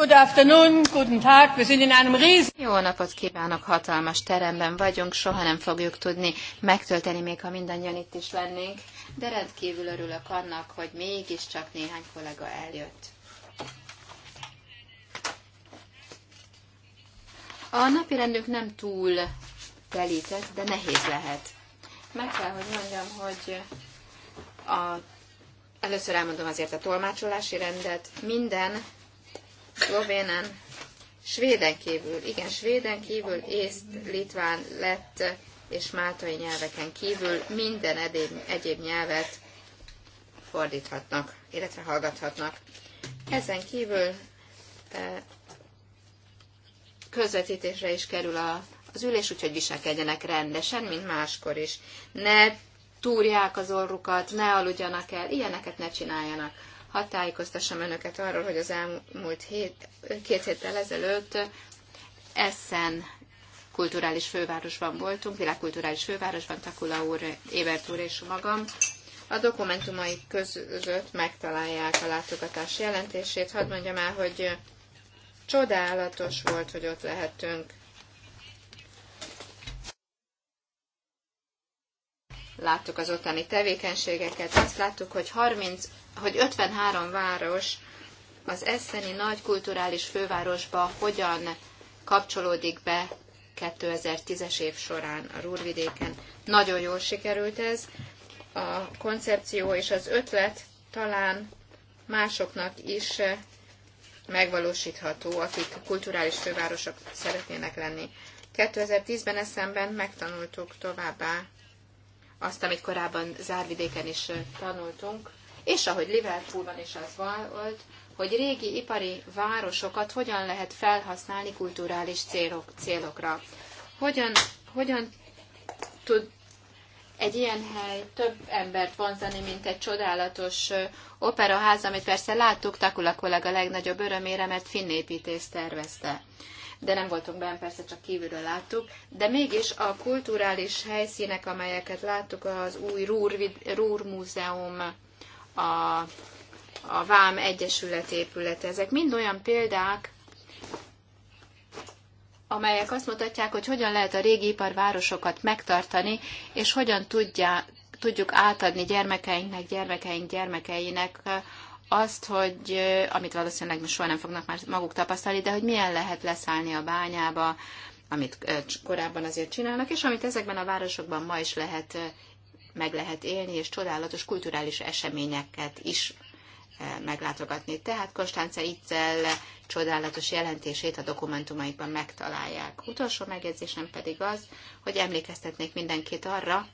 Good afternoon, guten Tag, wir sind in einem riesen... Jó napot kívánok, hatalmas teremben vagyunk, soha nem fogjuk tudni megtölteni, még ha mindannyian itt is lennénk, de rendkívül örülök annak, hogy mégiscsak néhány kollega eljött. A napi rendünk nem túl telített, de nehéz lehet. Meg kell, hogy mondjam, hogy a, először elmondom azért a tolmácsolási rendet. Minden szlovénen, svéden kívül, igen, svéden kívül, észt, litván, lett és máltai nyelveken kívül minden edéb, egyéb nyelvet fordíthatnak, illetve hallgathatnak. Ezen kívül e, közvetítésre is kerül a, az ülés, úgyhogy viselkedjenek rendesen, mint máskor is. Ne túrják az orrukat, ne aludjanak el, ilyeneket ne csináljanak hadd tájékoztassam önöket arról, hogy az elmúlt hét, két héttel ezelőtt Essen kulturális fővárosban voltunk, világkulturális fővárosban, Takula úr, Ébert úr és magam. A dokumentumai között megtalálják a látogatás jelentését. Hadd mondjam el, hogy csodálatos volt, hogy ott lehetünk. Láttuk az ottani tevékenységeket, azt láttuk, hogy 35 hogy 53 város az eszeni nagy kulturális fővárosba hogyan kapcsolódik be 2010-es év során a Rúrvidéken. Nagyon jól sikerült ez. A koncepció és az ötlet talán másoknak is megvalósítható, akik kulturális fővárosok szeretnének lenni. 2010-ben eszemben megtanultuk továbbá azt, amit korábban Zárvidéken is tanultunk, és ahogy Liverpoolban is az volt, hogy régi ipari városokat hogyan lehet felhasználni kulturális célok, célokra. Hogyan, hogyan tud egy ilyen hely több embert vonzani, mint egy csodálatos operaház, amit persze láttuk, Takula kollega legnagyobb örömére, mert finnépítés tervezte. De nem voltunk benne, persze csak kívülről láttuk. De mégis a kulturális helyszínek, amelyeket láttuk, az új Rúr, Rúr Múzeum a, a Vám Egyesület épülete. Ezek mind olyan példák, amelyek azt mutatják, hogy hogyan lehet a régi iparvárosokat megtartani, és hogyan tudja, tudjuk átadni gyermekeinknek, gyermekeink gyermekeinek azt, hogy amit valószínűleg soha nem fognak már maguk tapasztalni, de hogy milyen lehet leszállni a bányába, amit eh, korábban azért csinálnak, és amit ezekben a városokban ma is lehet eh, meg lehet élni, és csodálatos kulturális eseményeket is eh, meglátogatni. Tehát Konstance Itzel csodálatos jelentését a dokumentumaikban megtalálják. Utolsó megjegyzésem pedig az, hogy emlékeztetnék mindenkit arra,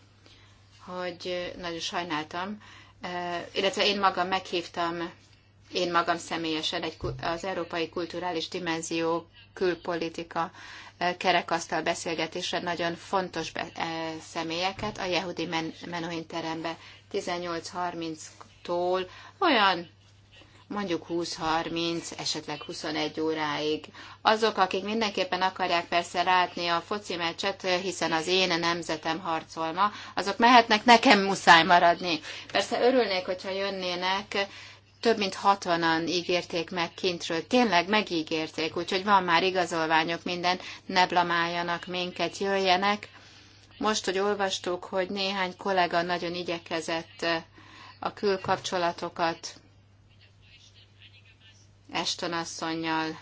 hogy nagyon sajnáltam, eh, illetve én magam meghívtam, én magam személyesen egy, az Európai Kulturális Dimenzió külpolitika kerekasztal beszélgetésre nagyon fontos be, e, személyeket a Yehudi men, Menuhin terembe 18.30-tól olyan mondjuk 20-30, esetleg 21 óráig. Azok, akik mindenképpen akarják persze látni a foci meccset, hiszen az én nemzetem harcolna, azok mehetnek, nekem muszáj maradni. Persze örülnék, hogyha jönnének, több mint hatvanan ígérték meg kintről. Tényleg megígérték, úgyhogy van már igazolványok minden, ne blamáljanak minket, jöjjenek. Most, hogy olvastuk, hogy néhány kollega nagyon igyekezett eh, a külkapcsolatokat Eston asszonynal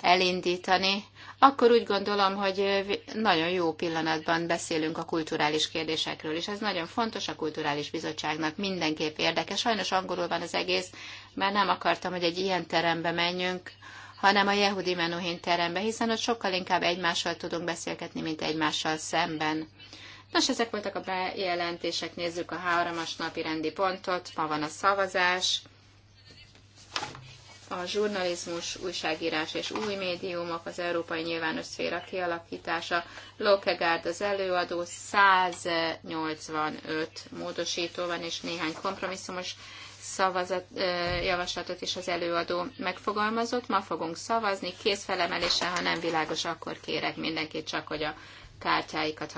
elindítani, akkor úgy gondolom, hogy nagyon jó pillanatban beszélünk a kulturális kérdésekről, és ez nagyon fontos a Kulturális Bizottságnak, mindenképp érdekes. Sajnos angolul van az egész, mert nem akartam, hogy egy ilyen terembe menjünk, hanem a Yehudi Menuhin terembe, hiszen ott sokkal inkább egymással tudunk beszélgetni, mint egymással szemben. Nos, ezek voltak a bejelentések, nézzük a háromas napi rendi pontot, ma van a szavazás, a zsurnalizmus, újságírás és új médiumok, az európai nyilvános szféra kialakítása. Lokegárd az előadó 185 módosító van, és néhány kompromisszumos szavazat, javaslatot is az előadó megfogalmazott. Ma fogunk szavazni, kézfelemelése ha nem világos, akkor kérek mindenkit csak, hogy a kártyáikat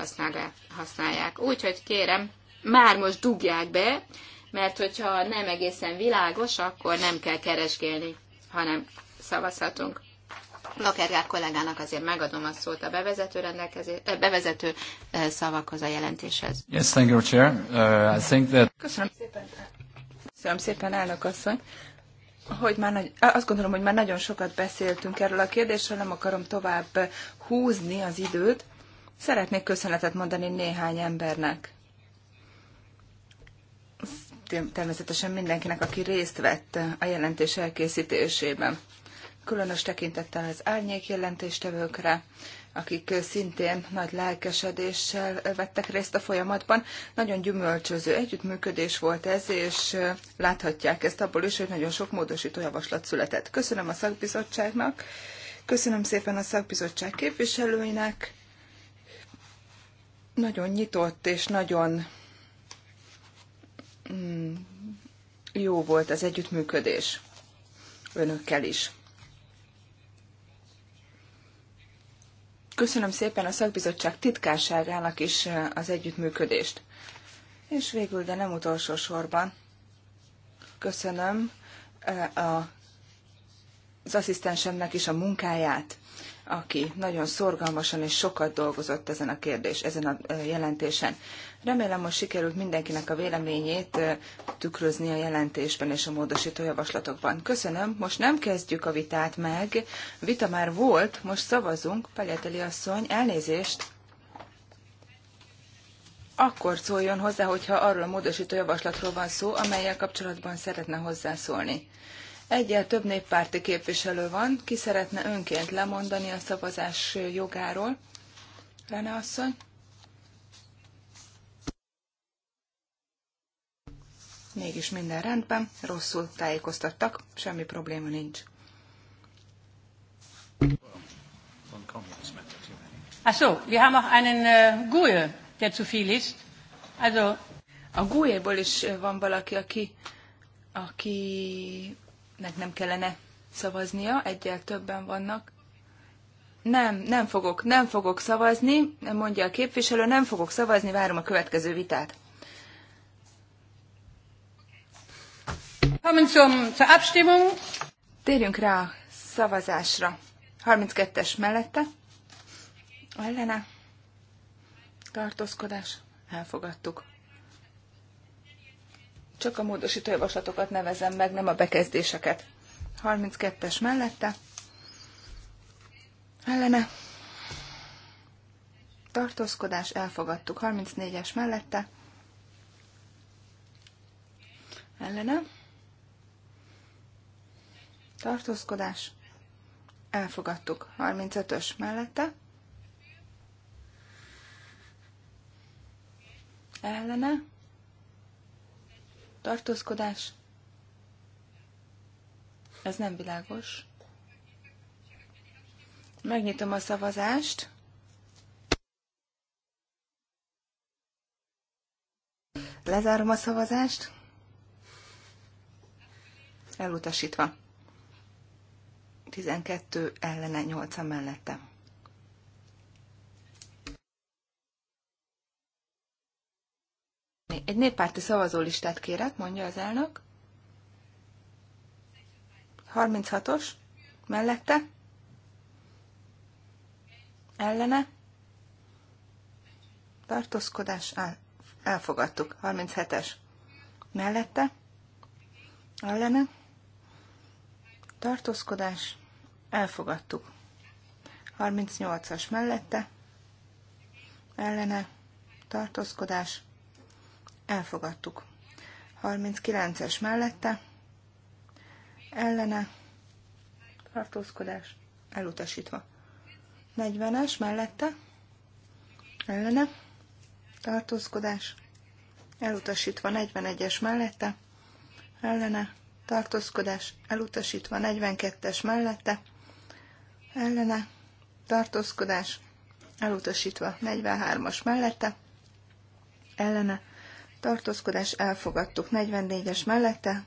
használják. Úgyhogy kérem, már most dugják be, mert hogyha nem egészen világos, akkor nem kell keresgélni, hanem szavazhatunk. Lakergár kollégának azért megadom a szót a bevezető, rendelkezés, eh, bevezető eh, szavakhoz a jelentéshez. Yes, thank you, Chair. Uh, I think that... Köszönöm szépen. Köszönöm szépen, elnök asszony. Hogy már nagy, azt gondolom, hogy már nagyon sokat beszéltünk erről a kérdésről, nem akarom tovább húzni az időt. Szeretnék köszönetet mondani néhány embernek természetesen mindenkinek, aki részt vett a jelentés elkészítésében. Különös tekintettel az árnyék jelentéstevőkre, akik szintén nagy lelkesedéssel vettek részt a folyamatban. Nagyon gyümölcsöző együttműködés volt ez, és láthatják ezt abból is, hogy nagyon sok módosító javaslat született. Köszönöm a szakbizottságnak, köszönöm szépen a szakbizottság képviselőinek, nagyon nyitott és nagyon Mm, jó volt az együttműködés önökkel is. Köszönöm szépen a szakbizottság titkárságának is az együttműködést. És végül, de nem utolsó sorban, köszönöm a, az asszisztensemnek is a munkáját aki nagyon szorgalmasan és sokat dolgozott ezen a kérdés, ezen a jelentésen. Remélem, most sikerült mindenkinek a véleményét tükrözni a jelentésben és a módosító javaslatokban. Köszönöm, most nem kezdjük a vitát meg. Vita már volt, most szavazunk. Pagyeteli asszony, elnézést! Akkor szóljon hozzá, hogyha arról a módosító javaslatról van szó, amelyel kapcsolatban szeretne hozzászólni. Egyel több néppárti képviselő van, ki szeretne önként lemondani a szavazás jogáról. Rene asszony. Mégis minden rendben, rosszul tájékoztattak, semmi probléma nincs. Ach so, wir haben auch einen uh, Gue, der zu viel ist. Also a Guéból is äh, van valaki, aki, aki nek nem kellene szavaznia, egyel többen vannak. Nem, nem fogok, nem fogok szavazni, mondja a képviselő, nem fogok szavazni, várom a következő vitát. Térjünk rá a szavazásra. 32-es mellette. Ellene. Tartózkodás. Elfogadtuk. Csak a módosító javaslatokat nevezem meg, nem a bekezdéseket. 32-es mellette. Ellene. Tartózkodás elfogadtuk. 34-es mellette. Ellene. Tartózkodás. Elfogadtuk. 35-ös mellette. Ellene tartózkodás. Ez nem világos. Megnyitom a szavazást. Lezárom a szavazást. Elutasítva. 12 ellene, 8 mellettem. Egy néppárti szavazólistát kérek, mondja az elnök. 36-os, mellette, ellene, tartózkodás, el, elfogadtuk. 37-es, mellette, ellene, tartózkodás, elfogadtuk. 38-as mellette, ellene, tartózkodás, elfogadtuk. 39-es mellette, ellene, tartózkodás, elutasítva. 40-es mellette, ellene, tartózkodás, elutasítva. 41-es mellette, ellene, tartózkodás, elutasítva. 42-es mellette, ellene, tartózkodás, elutasítva. 43-as mellette, ellene, tartózkodás, elutasítva tartózkodás elfogadtuk 44-es mellette,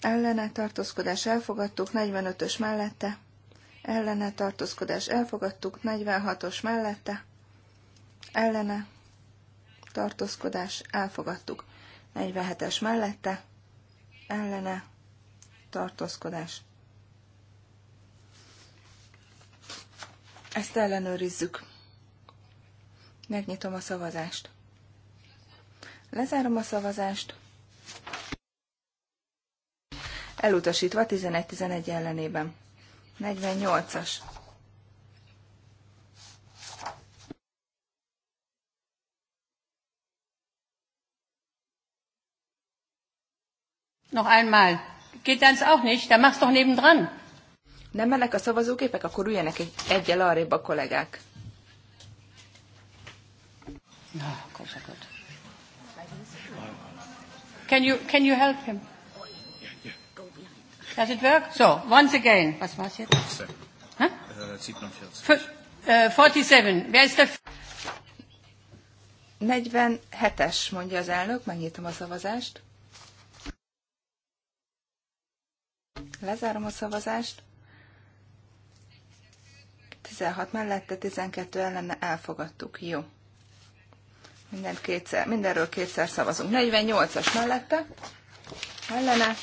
ellene tartózkodás elfogadtuk 45-ös mellette, ellene tartózkodás elfogadtuk 46-os mellette, ellene tartózkodás elfogadtuk 47-es mellette, ellene tartózkodás. Ezt ellenőrizzük. Megnyitom a szavazást. Lezárom a szavazást. Elutasítva 11-11 ellenében. 48-as. Noch einmal. Geht das auch nicht? Dann mach's doch nebendran. Nem mennek a szavazóképek, akkor üljenek egy, egyel arrébb a kollégák. Na, akkor Can you, can you help him? Oh, Does it work? So, once again. Was war's jetzt? Huh? 47. Uh, 47. Wer ist dafür? 47-es, mondja az elnök, megnyitom a szavazást. Lezárom a szavazást. 16 mellette, 12 ellene elfogadtuk. Jó. Minden kétszer, mindenről kétszer szavazunk. 48-as mellette, ellene,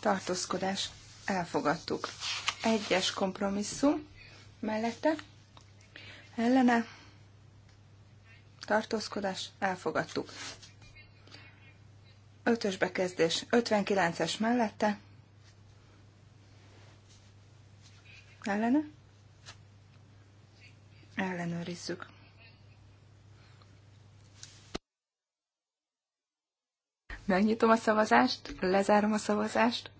tartózkodás, elfogadtuk. Egyes kompromisszum mellette, ellene, tartózkodás, elfogadtuk. Ötös bekezdés, 59-es mellette, ellene, ellenőrizzük. Megnyitom a szavazást, lezárom a szavazást.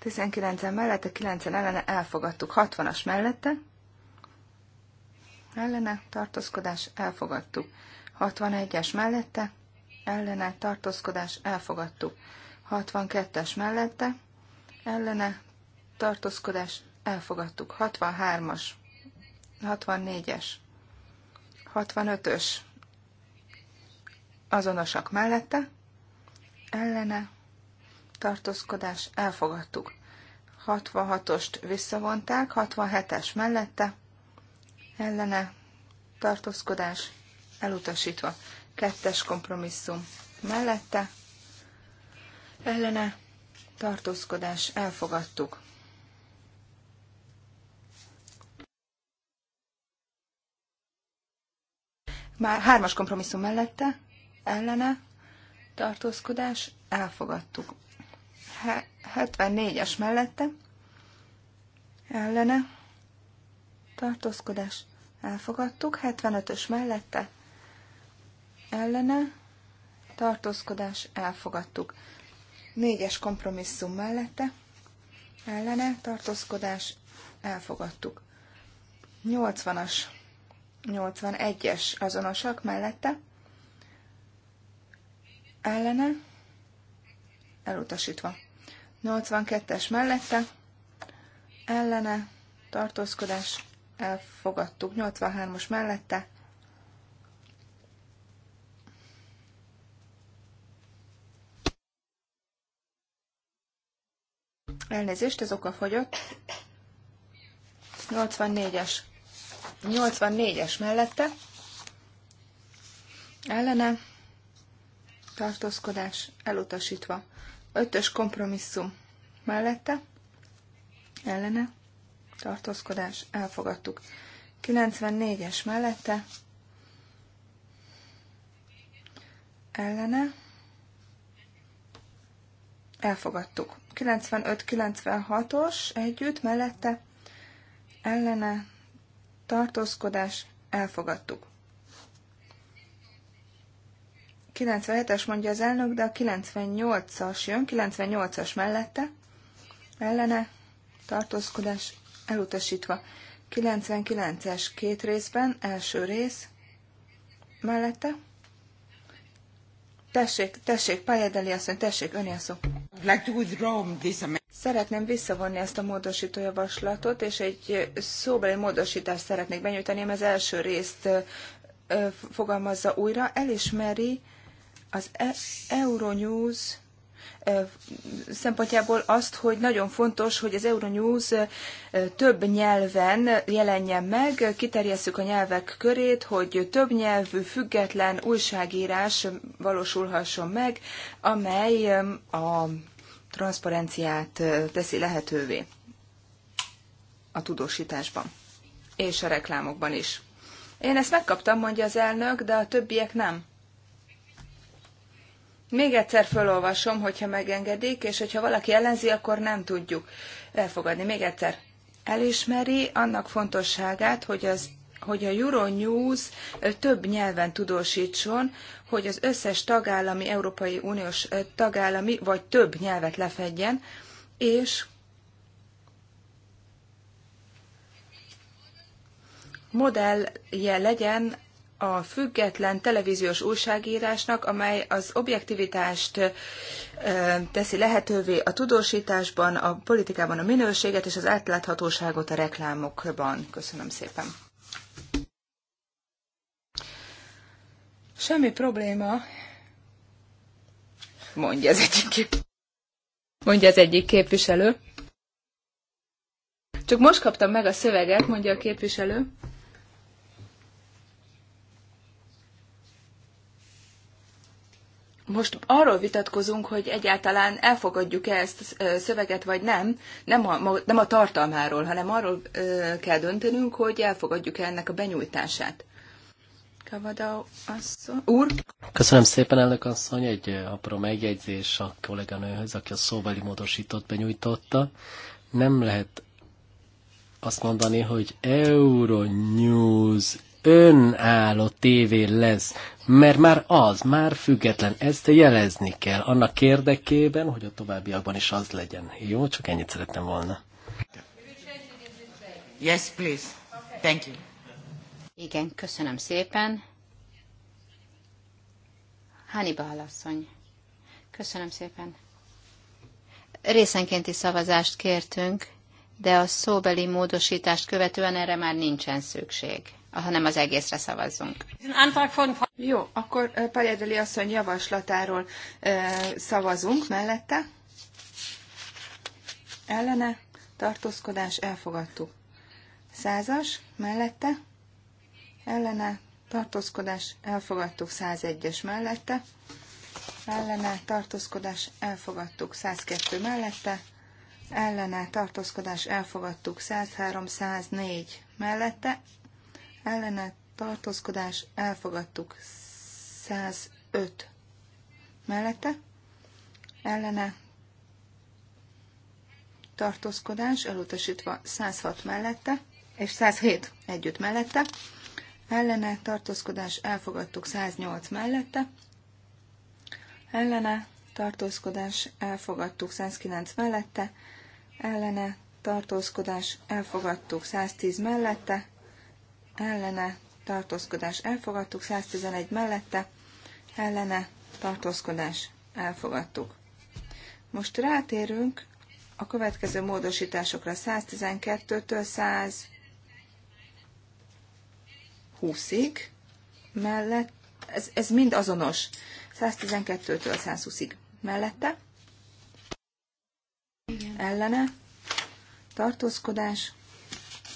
19-en mellette, 9-en ellene elfogadtuk. 60-as mellette. Ellene tartózkodás elfogadtuk. 61-es mellette. Ellene tartózkodás elfogadtuk. 62-es mellette. Ellene tartózkodás elfogadtuk. 63-as. 64-es. 65-ös azonosak mellette, ellene, tartózkodás, elfogadtuk. 66-ost visszavonták, 67-es mellette, ellene, tartózkodás, elutasítva. Kettes kompromisszum mellette, ellene, tartózkodás, elfogadtuk. Már hármas kompromisszum mellette, ellene tartózkodás elfogadtuk. 74-es mellette ellene tartózkodás elfogadtuk, 75-ös mellette ellene tartózkodás elfogadtuk. 4-es kompromisszum mellette ellene tartózkodás elfogadtuk. 80-as, 81-es azonosak mellette ellene, elutasítva. 82-es mellette, ellene, tartózkodás, elfogadtuk. 83-os mellette, Elnézést, ez oka fogyott. 84-es. 84-es mellette. Ellene tartózkodás elutasítva. Ötös kompromisszum mellette, ellene, tartózkodás elfogadtuk. 94-es mellette, ellene, elfogadtuk. 95-96-os együtt mellette, ellene, tartózkodás elfogadtuk. 97-es mondja az elnök, de a 98-as jön, 98-as mellette, ellene, tartózkodás elutasítva. 99-es két részben, első rész, mellette. Tessék, tessék, Pályadeli asszony, tessék, öné a szó. Szeretném visszavonni ezt a módosító javaslatot, és egy szóbeli módosítást szeretnék benyújtani, mert az első részt fogalmazza újra, elismeri az e- Euronews szempontjából azt, hogy nagyon fontos, hogy az Euronews több nyelven jelenjen meg, kiterjesszük a nyelvek körét, hogy több nyelvű, független újságírás valósulhasson meg, amely a transzparenciát teszi lehetővé a tudósításban és a reklámokban is. Én ezt megkaptam, mondja az elnök, de a többiek nem. Még egyszer felolvasom, hogyha megengedik, és hogyha valaki ellenzi, akkor nem tudjuk elfogadni. Még egyszer. Elismeri annak fontosságát, hogy az hogy a Euronews több nyelven tudósítson, hogy az összes tagállami, Európai Uniós tagállami vagy több nyelvet lefedjen, és modellje legyen a független televíziós újságírásnak, amely az objektivitást teszi lehetővé a tudósításban, a politikában a minőséget és az átláthatóságot a reklámokban. Köszönöm szépen. Semmi probléma, mondja az egyik, kép... mondja az egyik képviselő. Csak most kaptam meg a szöveget, mondja a képviselő. most arról vitatkozunk, hogy egyáltalán elfogadjuk-e ezt a szöveget, vagy nem. Nem a, nem a tartalmáról, hanem arról kell döntenünk, hogy elfogadjuk-e ennek a benyújtását. asszony. Úr? Köszönöm szépen, elnök asszony. Egy apró megjegyzés a kolléganőhöz, aki a szóbeli módosított benyújtotta. Nem lehet azt mondani, hogy Euronews önálló tévé lesz, mert már az, már független, ezt jelezni kell annak érdekében, hogy a továbbiakban is az legyen. Jó, csak ennyit szerettem volna. Yes, please. Thank you. Igen, köszönöm szépen. Hannibal asszony. Köszönöm szépen. Részenkénti szavazást kértünk, de a szóbeli módosítást követően erre már nincsen szükség hanem az egészre szavazzunk. Jó, akkor eh, Pajedeli asszony javaslatáról eh, szavazunk mellette. Ellene, tartózkodás, elfogadtuk. Százas, mellette, ellene, tartózkodás, elfogadtuk 101-es mellette, ellene, tartózkodás, elfogadtuk 102 mellette, ellene, tartózkodás, elfogadtuk 103-104 mellette, ellene tartózkodás elfogadtuk 105 mellette, ellene tartózkodás elutasítva 106 mellette, és 107 együtt mellette, ellene tartózkodás elfogadtuk 108 mellette, ellene tartózkodás elfogadtuk 109 mellette, ellene tartózkodás elfogadtuk 110 mellette, ellene tartózkodás elfogadtuk, 111 mellette ellene tartózkodás elfogadtuk. Most rátérünk a következő módosításokra 112-től 120-ig mellett, ez, ez mind azonos, 112-től 120-ig mellette, ellene, tartózkodás,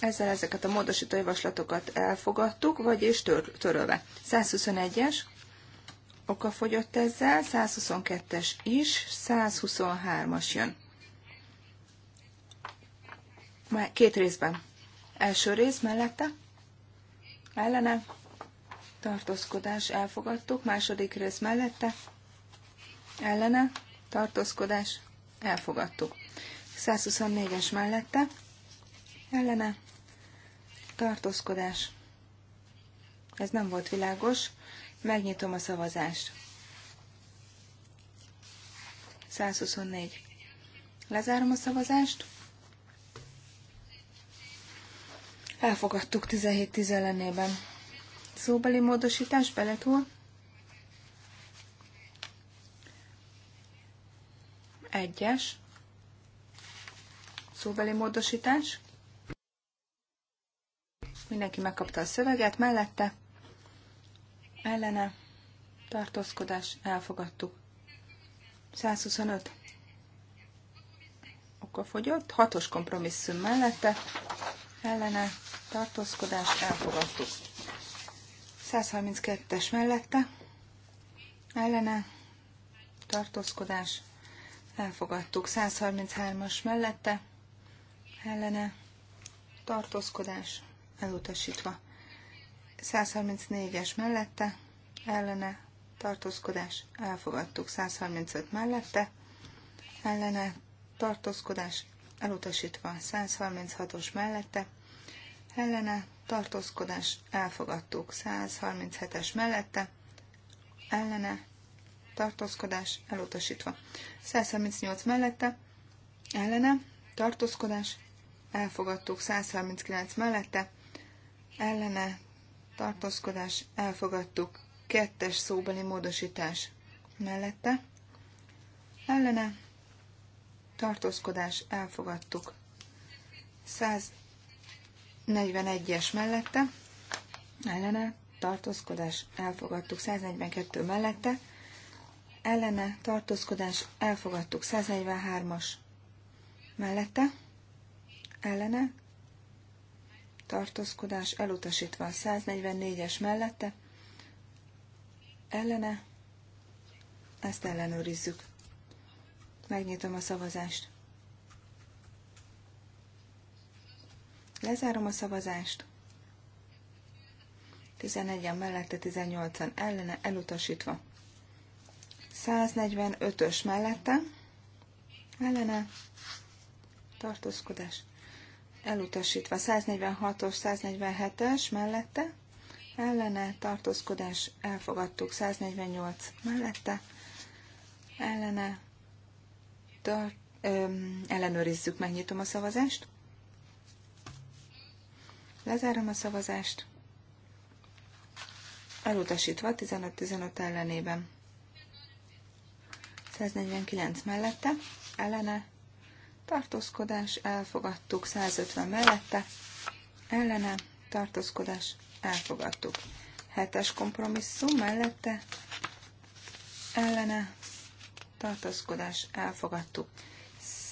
ezzel ezeket a módosító javaslatokat elfogadtuk, vagyis tör, törölve. 121-es oka fogyott ezzel, 122-es is, 123-as jön. Már két részben. Első rész mellette, ellene, tartózkodás, elfogadtuk. Második rész mellette, ellene, tartózkodás, elfogadtuk. 124-es mellette, ellene tartózkodás. Ez nem volt világos. Megnyitom a szavazást. 124. Lezárom a szavazást. Elfogadtuk 17-10 ellenében. Szóbeli módosítás, beletúl. Egyes. Szóbeli módosítás. Mindenki megkapta a szöveget, mellette ellene tartózkodás elfogadtuk. 125 akkor fogyott, hatos kompromisszum mellette ellene tartózkodás elfogadtuk. 132-es mellette ellene tartózkodás elfogadtuk. 133-as mellette ellene tartózkodás elutasítva. 134-es mellette, ellene, tartózkodás, elfogadtuk. 135 mellette, ellene, tartózkodás, elutasítva. 136-os mellette, ellene, tartózkodás, elfogadtuk. 137-es mellette, ellene, tartózkodás, elutasítva. 138 mellette, ellene, tartózkodás, elfogadtuk. 139 mellette, ellene tartózkodás elfogadtuk. Kettes szóbeli módosítás mellette ellene tartózkodás elfogadtuk. 141-es mellette ellene tartózkodás elfogadtuk. 142 mellette ellene tartózkodás elfogadtuk. 143-as mellette ellene tartózkodás elutasítva. 144-es mellette ellene, ezt ellenőrizzük. Megnyitom a szavazást. Lezárom a szavazást. 11-en mellette, 18-an ellene, elutasítva. 145-ös mellette, ellene, tartózkodás, elutasítva 146-os, 147-es mellette, ellene tartózkodás elfogadtuk 148 mellette, ellene tart, öm, ellenőrizzük, megnyitom a szavazást, lezárom a szavazást, elutasítva 15-15 ellenében. 149 mellette, ellene tartózkodás, elfogadtuk 150 mellette, ellene, tartózkodás, elfogadtuk. Hetes kompromisszum mellette, ellene, tartózkodás, elfogadtuk.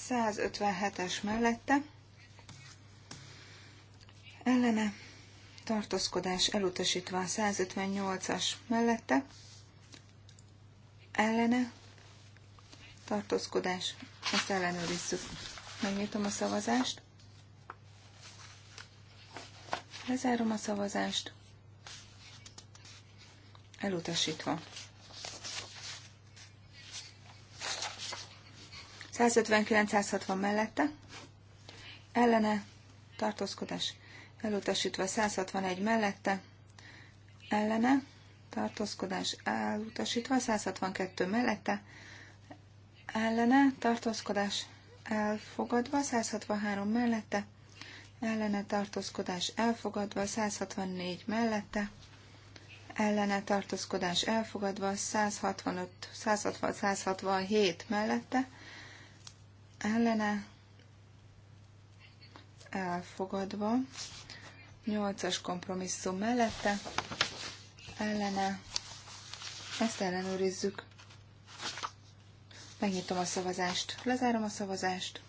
157-es mellette, ellene, tartózkodás elutasítva a 158-as mellette, ellene, tartózkodás, ezt ellenőrizzük. Megnyitom a szavazást. Lezárom a szavazást. Elutasítva. 159-160 mellette. Ellene tartózkodás. Elutasítva 161 mellette. Ellene tartózkodás elutasítva 162 mellette ellene tartózkodás elfogadva, 163 mellette, ellene tartózkodás elfogadva, 164 mellette, ellene tartózkodás elfogadva, 165, 160, 167 mellette, ellene elfogadva, 8-as kompromisszum mellette, ellene, ezt ellenőrizzük. Megnyitom a szavazást, lezárom a szavazást.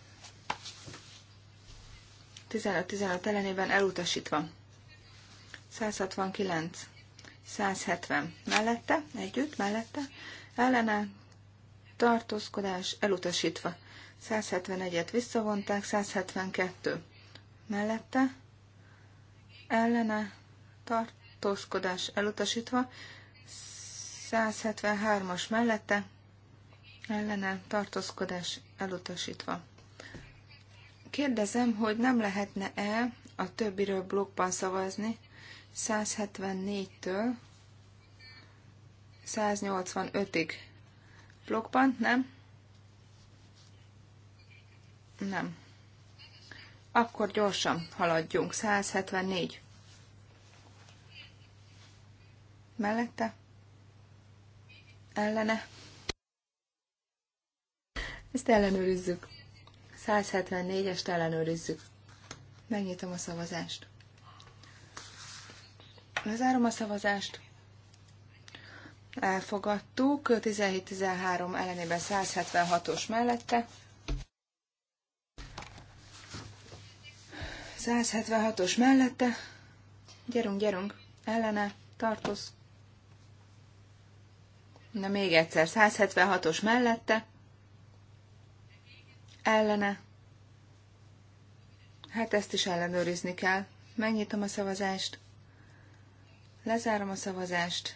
15-15 ellenében elutasítva. 169, 170 mellette, együtt, mellette, ellene, tartózkodás, elutasítva. 171-et visszavonták, 172 mellette, ellene, tartózkodás, elutasítva. 173-as mellette, ellene tartózkodás elutasítva. Kérdezem, hogy nem lehetne-e a többiről blokkban szavazni 174-től 185-ig. Blokkban, nem? Nem. Akkor gyorsan haladjunk. 174. Mellette? Ellene? Ezt ellenőrizzük. 174-est ellenőrizzük. Megnyitom a szavazást. Lezárom a szavazást. Elfogadtuk. 17-13 ellenében 176-os mellette. 176-os mellette. Gyerünk, gyerünk. Ellene. Tartoz. Na még egyszer. 176-os mellette ellene. Hát ezt is ellenőrizni kell. Megnyitom a szavazást. Lezárom a szavazást.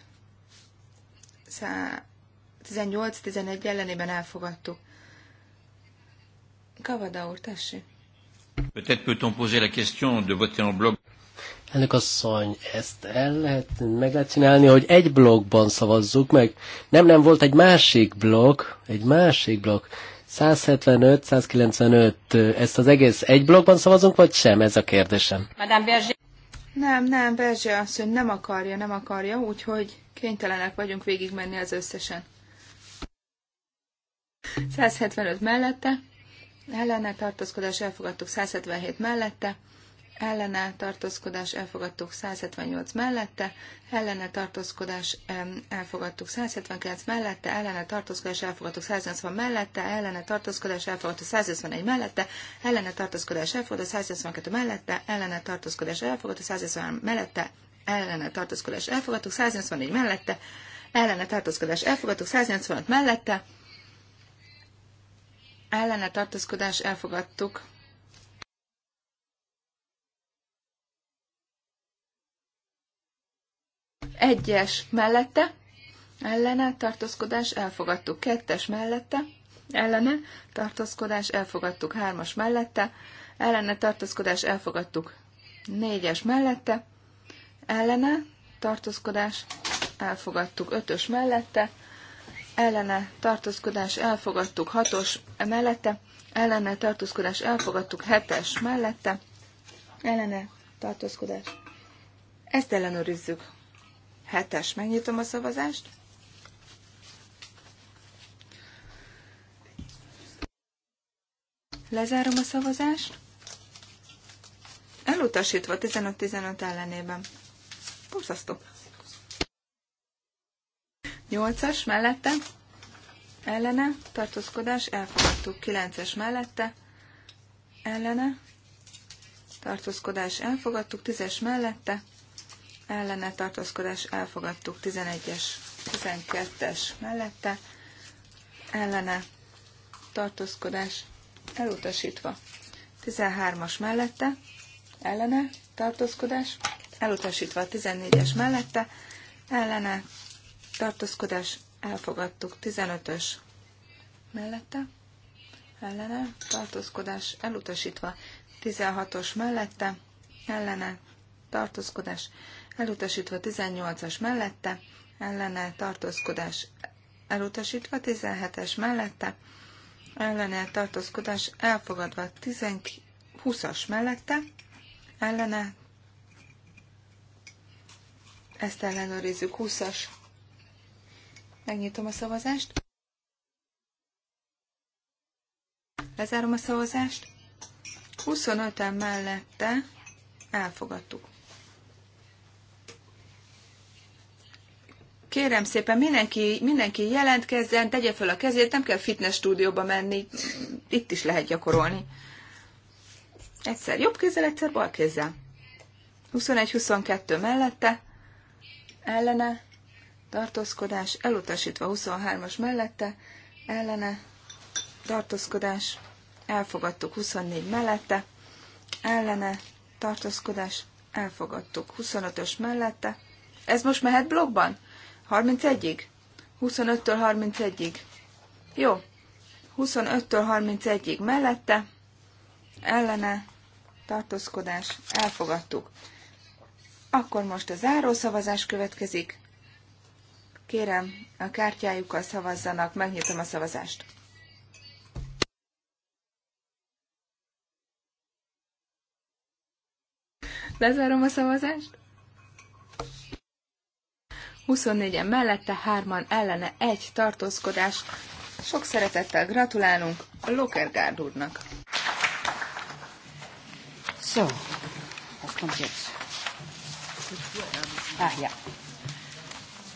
18-11 ellenében elfogadtuk. Kavada úr, tessé. Peut-être peut-on poser la question de voter en bloc. a szony, ezt el lehet, meg lehet csinálni, hogy egy blokkban szavazzuk meg. Nem, nem, volt egy másik blog, egy másik blog. 175, 195, ezt az egész egy blogban szavazunk, vagy sem? Ez a kérdésem. Nem, nem, Berzsé asszony nem akarja, nem akarja, úgyhogy kénytelenek vagyunk végigmenni az összesen. 175 mellette, ellene tartózkodás elfogadtuk 177 mellette, ellene tartózkodás elfogadtuk 178 mellette, ellene tartózkodás elfogadtuk 179 mellette, ellene tartózkodás elfogadtuk 180 mellette, ellene tartózkodás elfogadtuk 151 mellette, ellene tartózkodás elfogadtuk 182 mellette, ellene tartózkodás elfogadtuk 183 mellette, ellene tartózkodás elfogadtuk 184 mellette, ellene tartózkodás elfogadtuk 185 mellette, ellene tartózkodás elfogadtuk Egyes mellette, ellene, tartózkodás, elfogadtuk. Kettes mellette, ellene, tartózkodás, elfogadtuk. Hármas mellette, ellene, tartózkodás, elfogadtuk. Négyes mellette, ellene, tartózkodás, elfogadtuk. Ötös mellette, ellene, tartózkodás, elfogadtuk. Hatos mellette, ellene, tartózkodás, elfogadtuk. Hetes mellette, ellene, tartózkodás. Ezt ellenőrizzük. Hetes, megnyitom a szavazást. Lezárom a szavazást. Elutasítva 15-15 ellenében. Borzasztó. Nyolcas mellette. Ellene. Tartózkodás. Elfogadtuk. Kilences mellette. Ellene. Tartózkodás. Elfogadtuk. Tízes mellette ellene tartózkodás elfogadtuk 11-es, 12-es mellette, ellene tartózkodás elutasítva 13-as mellette, ellene tartózkodás elutasítva 14-es mellette, ellene tartózkodás elfogadtuk 15-ös mellette, ellene tartózkodás elutasítva 16-os mellette, ellene tartózkodás elutasítva 18-as mellette, ellene tartózkodás elutasítva 17-es mellette, ellene tartózkodás elfogadva 20-as mellette, ellene ezt ellenőrizzük 20-as. Megnyitom a szavazást. Lezárom a szavazást. 25-en mellette elfogadtuk. Kérem szépen, mindenki, mindenki jelentkezzen, tegye fel a kezét, nem kell fitness stúdióba menni, itt is lehet gyakorolni. Egyszer jobb kézzel, egyszer bal kézzel. 21-22 mellette, ellene, tartózkodás, elutasítva 23-as mellette, ellene, tartózkodás, elfogadtuk 24 mellette, ellene, tartózkodás, elfogadtuk 25-ös mellette. Ez most mehet blogban? 31-ig? 25-től 31-ig. Jó. 25-től 31-ig mellette, ellene, tartózkodás, elfogadtuk. Akkor most a záró szavazás következik. Kérem, a kártyájukkal szavazzanak, megnyitom a szavazást. Lezárom a szavazást. 24-en mellette, 3-an ellene, egy tartózkodás. Sok szeretettel gratulálunk a Lokergárd úrnak. So, was kommt jetzt? Ah,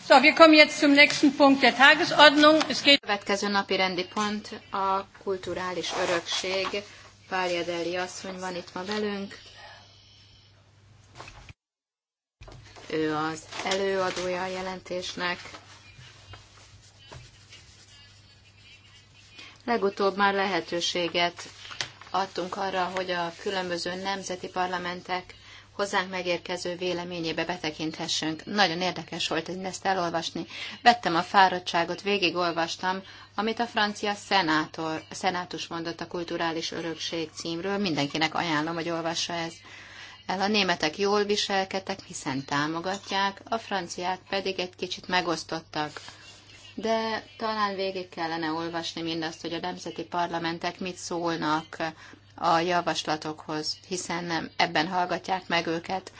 So, wir kommen jetzt zum nächsten Punkt der Tagesordnung. Es geht Következő napi rendi pont a kulturális örökség. Pálja Deli asszony van itt ma velünk. Ő az előadója a jelentésnek. Legutóbb már lehetőséget adtunk arra, hogy a különböző nemzeti parlamentek hozzánk megérkező véleményébe betekinthessünk. Nagyon érdekes volt ezt elolvasni. Vettem a fáradtságot, végigolvastam, amit a francia szenátor, szenátus mondott a kulturális örökség címről. Mindenkinek ajánlom, hogy olvassa ezt el. A németek jól viselkedtek, hiszen támogatják, a franciák pedig egy kicsit megosztottak. De talán végig kellene olvasni mindazt, hogy a nemzeti parlamentek mit szólnak a javaslatokhoz, hiszen nem ebben hallgatják meg őket.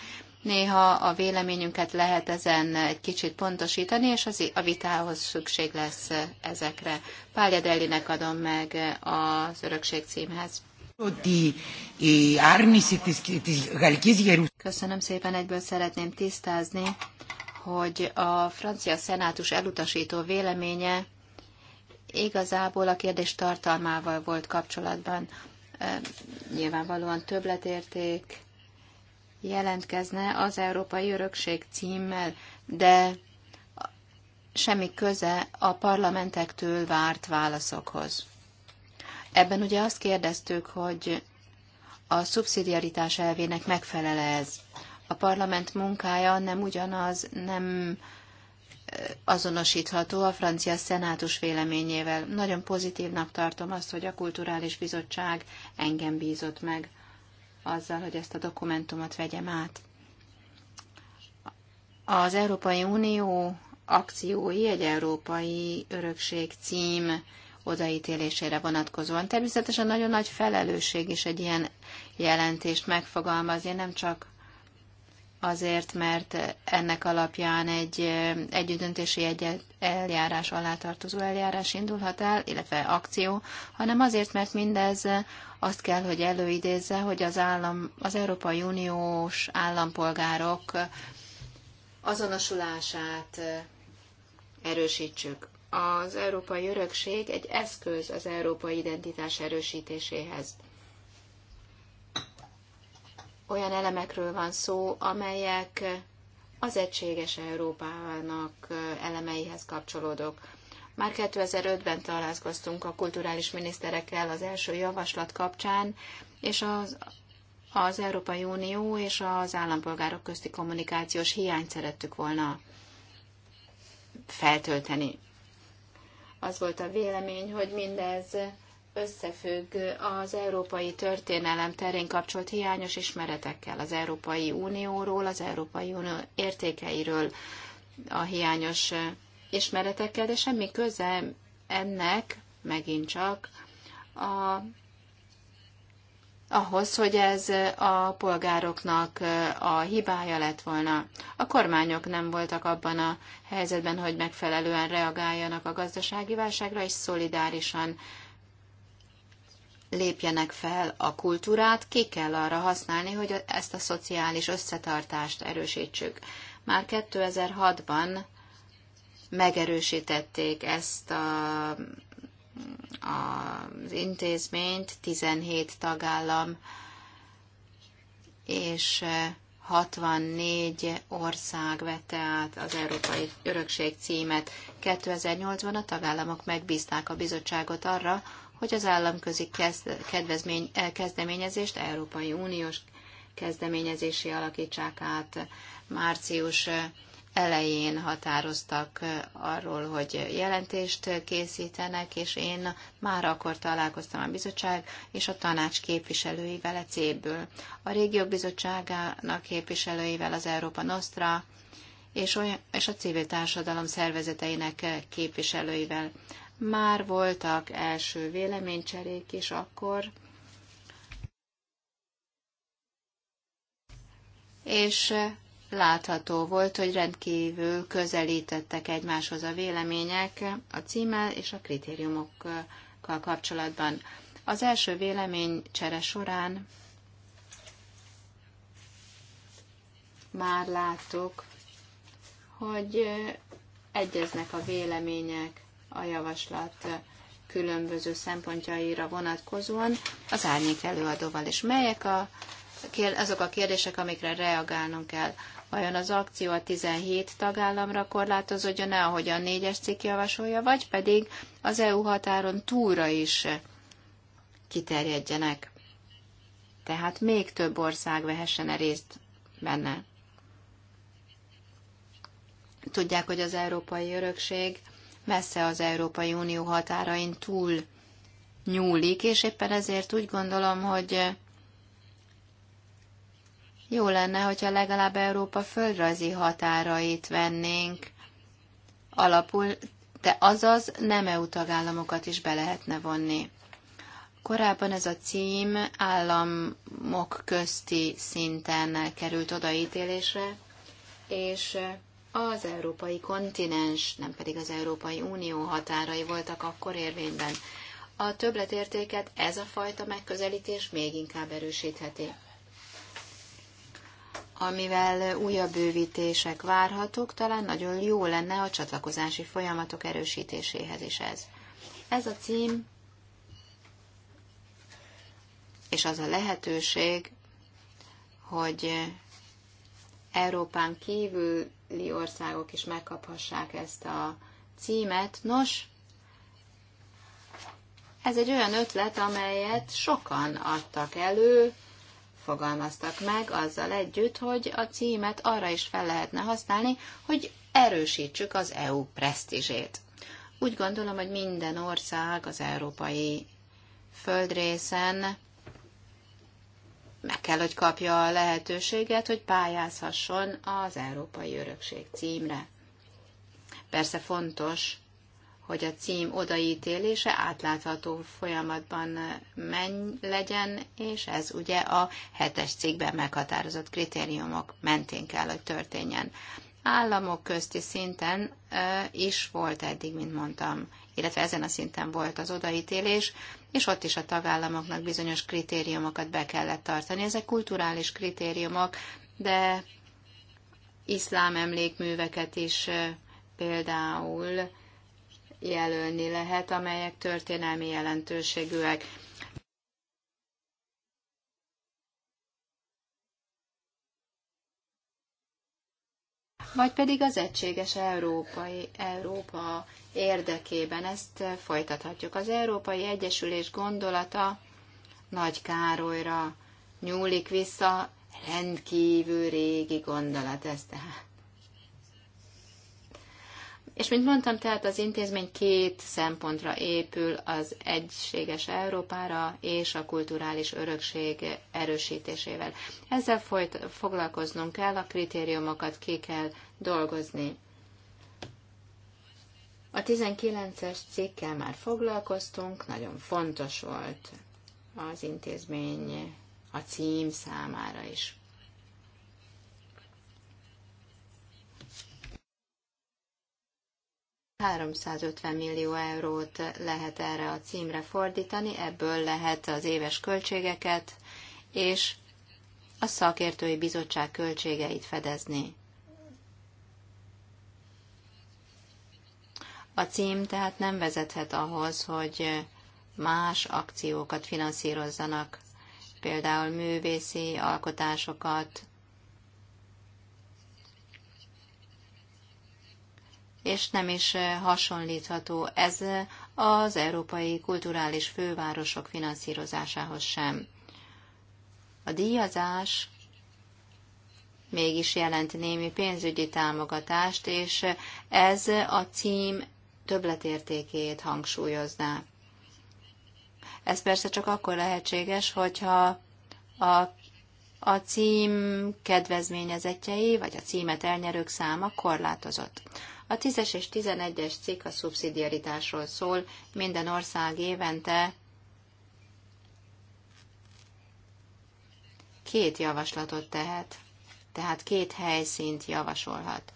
Néha a véleményünket lehet ezen egy kicsit pontosítani, és az, a vitához szükség lesz ezekre. Dellinek adom meg az örökség címhez. Köszönöm szépen, egyből szeretném tisztázni, hogy a francia szenátus elutasító véleménye igazából a kérdés tartalmával volt kapcsolatban. Nyilvánvalóan többletérték jelentkezne az Európai Örökség címmel, de semmi köze a parlamentektől várt válaszokhoz. Ebben ugye azt kérdeztük, hogy a szubszidiaritás elvének megfelele ez. A parlament munkája nem ugyanaz, nem azonosítható a francia szenátus véleményével. Nagyon pozitívnak tartom azt, hogy a Kulturális Bizottság engem bízott meg azzal, hogy ezt a dokumentumot vegyem át. Az Európai Unió akciói egy európai örökség cím odaítélésére vonatkozóan. Természetesen nagyon nagy felelősség is egy ilyen jelentést megfogalmazni, nem csak azért, mert ennek alapján egy együttöntési egy eljárás alá tartozó eljárás indulhat el, illetve akció, hanem azért, mert mindez azt kell, hogy előidézze, hogy az, állam, az Európai Uniós állampolgárok azonosulását erősítsük az európai örökség egy eszköz az európai identitás erősítéséhez. Olyan elemekről van szó, amelyek az egységes Európának elemeihez kapcsolódok. Már 2005-ben találkoztunk a kulturális miniszterekkel az első javaslat kapcsán, és az, az Európai Unió és az állampolgárok közti kommunikációs hiányt szerettük volna feltölteni. Az volt a vélemény, hogy mindez összefügg az európai történelem terén kapcsolt hiányos ismeretekkel, az Európai Unióról, az Európai Unió értékeiről a hiányos ismeretekkel, de semmi köze ennek megint csak a ahhoz, hogy ez a polgároknak a hibája lett volna. A kormányok nem voltak abban a helyzetben, hogy megfelelően reagáljanak a gazdasági válságra, és szolidárisan lépjenek fel a kultúrát, ki kell arra használni, hogy ezt a szociális összetartást erősítsük. Már 2006-ban megerősítették ezt a az intézményt 17 tagállam és 64 ország vette át az Európai Örökség címet. 2008-ban a tagállamok megbízták a bizottságot arra, hogy az államközi kedvezmény, eh, kezdeményezést Európai Uniós kezdeményezésé alakítsák át. Március elején határoztak arról, hogy jelentést készítenek, és én már akkor találkoztam a bizottság és a tanács képviselőivel a céből. A régiók bizottságának képviselőivel az Európa Nostra és, olyan, és a civil társadalom szervezeteinek képviselőivel. Már voltak első véleménycserék is akkor, és látható volt, hogy rendkívül közelítettek egymáshoz a vélemények a címmel és a kritériumokkal kapcsolatban. Az első vélemény csere során már láttuk, hogy egyeznek a vélemények a javaslat különböző szempontjaira vonatkozóan az árnyék előadóval, és melyek a, azok a kérdések, amikre reagálnunk kell. Vajon az akció a 17 tagállamra korlátozódjon-e, ahogy a négyes cikk javasolja, vagy pedig az EU határon túlra is kiterjedjenek? Tehát még több ország vehessen-e részt benne. Tudják, hogy az európai örökség messze az Európai Unió határain túl nyúlik, és éppen ezért úgy gondolom, hogy jó lenne, hogyha legalább Európa földrajzi határait vennénk alapul, de azaz nem EU tagállamokat is be lehetne vonni. Korábban ez a cím államok közti szinten került odaítélésre, és az európai kontinens, nem pedig az Európai Unió határai voltak akkor érvényben. A többletértéket ez a fajta megközelítés még inkább erősítheti amivel újabb bővítések várhatók, talán nagyon jó lenne a csatlakozási folyamatok erősítéséhez is ez. Ez a cím, és az a lehetőség, hogy Európán kívüli országok is megkaphassák ezt a címet. Nos, ez egy olyan ötlet, amelyet sokan adtak elő, fogalmaztak meg, azzal együtt, hogy a címet arra is fel lehetne használni, hogy erősítsük az EU presztízsét. Úgy gondolom, hogy minden ország az európai földrészen meg kell, hogy kapja a lehetőséget, hogy pályázhasson az Európai Örökség címre. Persze fontos hogy a cím odaítélése átlátható folyamatban menj legyen, és ez ugye a hetes cikkben meghatározott kritériumok mentén kell, hogy történjen. Államok közti szinten is volt eddig, mint mondtam, illetve ezen a szinten volt az odaítélés, és ott is a tagállamoknak bizonyos kritériumokat be kellett tartani. Ezek kulturális kritériumok, de iszlám emlékműveket is például jelölni lehet, amelyek történelmi jelentőségűek. Vagy pedig az egységes európai, Európa érdekében ezt folytathatjuk. Az Európai Egyesülés gondolata Nagy Károlyra nyúlik vissza, rendkívül régi gondolat ez tehát. És mint mondtam, tehát az intézmény két szempontra épül, az egységes Európára és a kulturális örökség erősítésével. Ezzel folyt, foglalkoznunk kell, a kritériumokat ki kell dolgozni. A 19-es cikkel már foglalkoztunk, nagyon fontos volt az intézmény a cím számára is. 350 millió eurót lehet erre a címre fordítani, ebből lehet az éves költségeket és a szakértői bizottság költségeit fedezni. A cím tehát nem vezethet ahhoz, hogy más akciókat finanszírozzanak, például művészi alkotásokat, és nem is hasonlítható ez az európai kulturális fővárosok finanszírozásához sem. A díjazás mégis jelent némi pénzügyi támogatást, és ez a cím többletértékét hangsúlyozná. Ez persze csak akkor lehetséges, hogyha a, a cím kedvezményezetjei, vagy a címet elnyerők száma korlátozott. A 10-es és 11-es cikk a szubszidiaritásról szól, minden ország évente két javaslatot tehet, tehát két helyszínt javasolhat.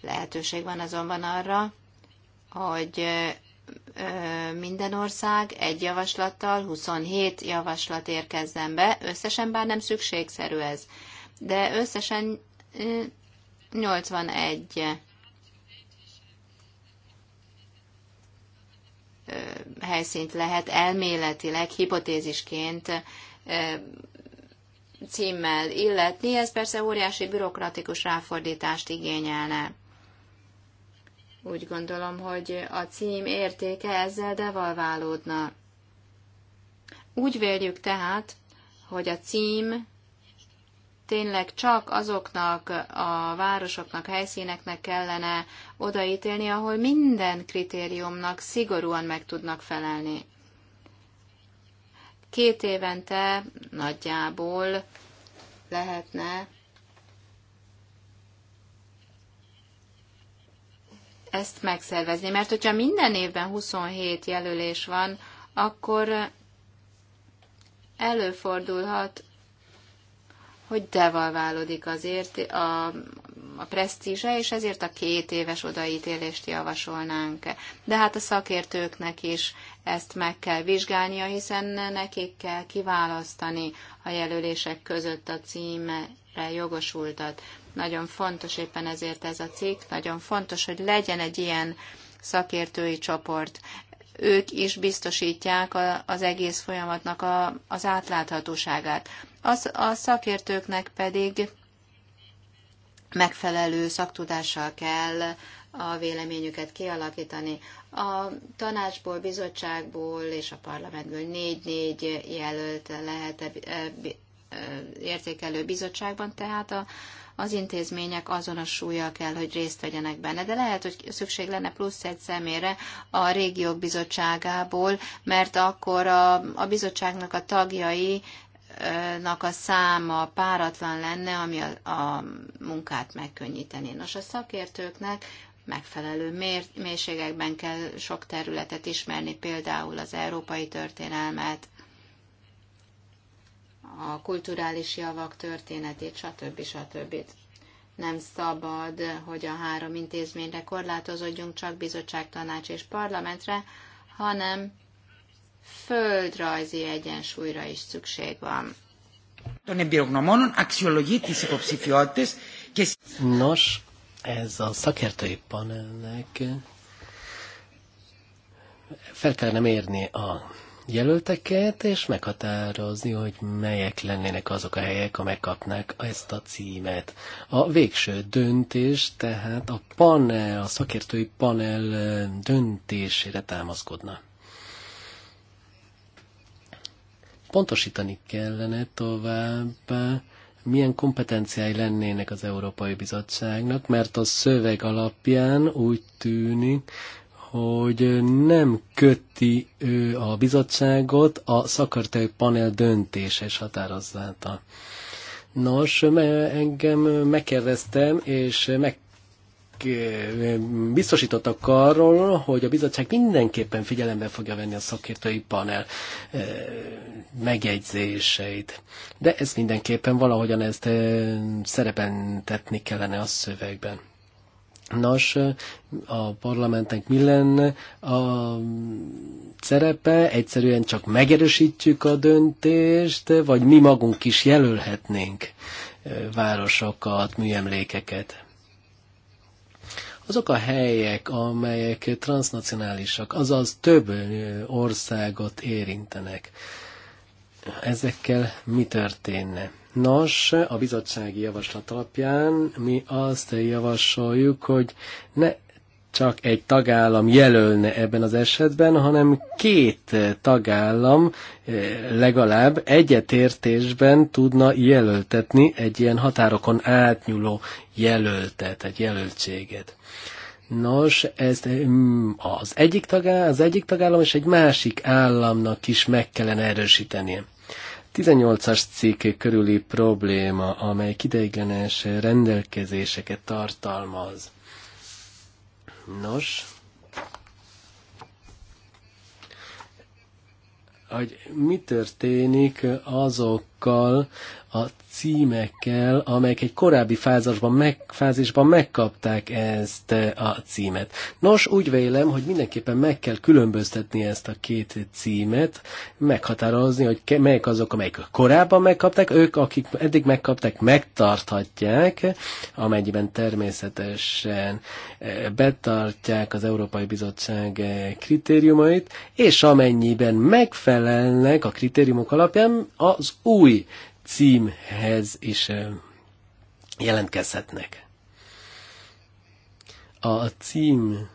Lehetőség van azonban arra, hogy minden ország egy javaslattal 27 javaslat érkezzen be, összesen bár nem szükségszerű ez, de összesen 81 helyszínt lehet elméletileg, hipotézisként címmel illetni, ez persze óriási bürokratikus ráfordítást igényelne. Úgy gondolom, hogy a cím értéke ezzel devalválódna. Úgy véljük tehát, hogy a cím tényleg csak azoknak a városoknak, helyszíneknek kellene odaítélni, ahol minden kritériumnak szigorúan meg tudnak felelni. Két évente nagyjából lehetne ezt megszervezni. Mert hogyha minden évben 27 jelölés van, akkor előfordulhat, hogy devalválódik azért a, a presztízse, és ezért a két éves odaítélést javasolnánk. De hát a szakértőknek is ezt meg kell vizsgálnia, hiszen nekik kell kiválasztani a jelölések között a címre jogosultat. Nagyon fontos éppen ezért ez a cikk, nagyon fontos, hogy legyen egy ilyen szakértői csoport. Ők is biztosítják a, az egész folyamatnak a, az átláthatóságát. Az, a szakértőknek pedig megfelelő szaktudással kell a véleményüket kialakítani. A tanácsból, bizottságból és a parlamentből négy-négy jelölt lehet eh, eh, értékelő bizottságban, tehát a, az intézmények azonos súlya kell, hogy részt vegyenek benne. De lehet, hogy szükség lenne plusz egy szemére a régiók bizottságából, mert akkor a, a bizottságnak a tagjai nak a száma páratlan lenne, ami a, a munkát megkönnyíteni. Nos, a szakértőknek megfelelő mér, mélységekben kell sok területet ismerni, például az európai történelmet, a kulturális javak történetét, stb. stb. Nem szabad, hogy a három intézményre korlátozódjunk, csak bizottság, tanács és parlamentre, hanem földrajzi egyensúlyra is szükség van. Nos, ez a szakértői panelnek fel kellene mérni a jelölteket, és meghatározni, hogy melyek lennének azok a helyek, amelyek kapnák ezt a címet. A végső döntés, tehát a panel, a szakértői panel döntésére támaszkodna. Pontosítani kellene továbbá, milyen kompetenciái lennének az Európai Bizottságnak, mert a szöveg alapján úgy tűnik, hogy nem köti ő a bizottságot a szakartai panel döntése és határozata. Nos, engem megkérdeztem, és meg biztosítottak arról, hogy a bizottság mindenképpen figyelembe fogja venni a szakértői panel megjegyzéseit. De ez mindenképpen valahogyan ezt szerepentetni kellene a szövegben. Nos, a parlamentnek mi lenne a szerepe? Egyszerűen csak megerősítjük a döntést, vagy mi magunk is jelölhetnénk városokat, műemlékeket? azok a helyek, amelyek transnacionálisak, azaz több országot érintenek, ezekkel mi történne? Nos, a bizottsági javaslat alapján mi azt javasoljuk, hogy ne csak egy tagállam jelölne ebben az esetben, hanem két tagállam eh, legalább egyetértésben tudna jelöltetni egy ilyen határokon átnyúló jelöltet, egy jelöltséget. Nos, ez mm, az egyik, tagállam, az egyik tagállam és egy másik államnak is meg kellene erősítenie. 18-as cikk körüli probléma, amely ideiglenes rendelkezéseket tartalmaz. Nos, hogy mi történik azokkal, a címekkel, amelyek egy korábbi fázisban meg, fázisban megkapták ezt a címet. Nos, úgy vélem, hogy mindenképpen meg kell különböztetni ezt a két címet, meghatározni, hogy ke, melyik azok, amelyek korábban megkapták, ők, akik eddig megkapták, megtarthatják, amennyiben természetesen eh, betartják az Európai Bizottság eh, kritériumait, és amennyiben megfelelnek a kritériumok alapján az új címhez is jelentkezhetnek. A cím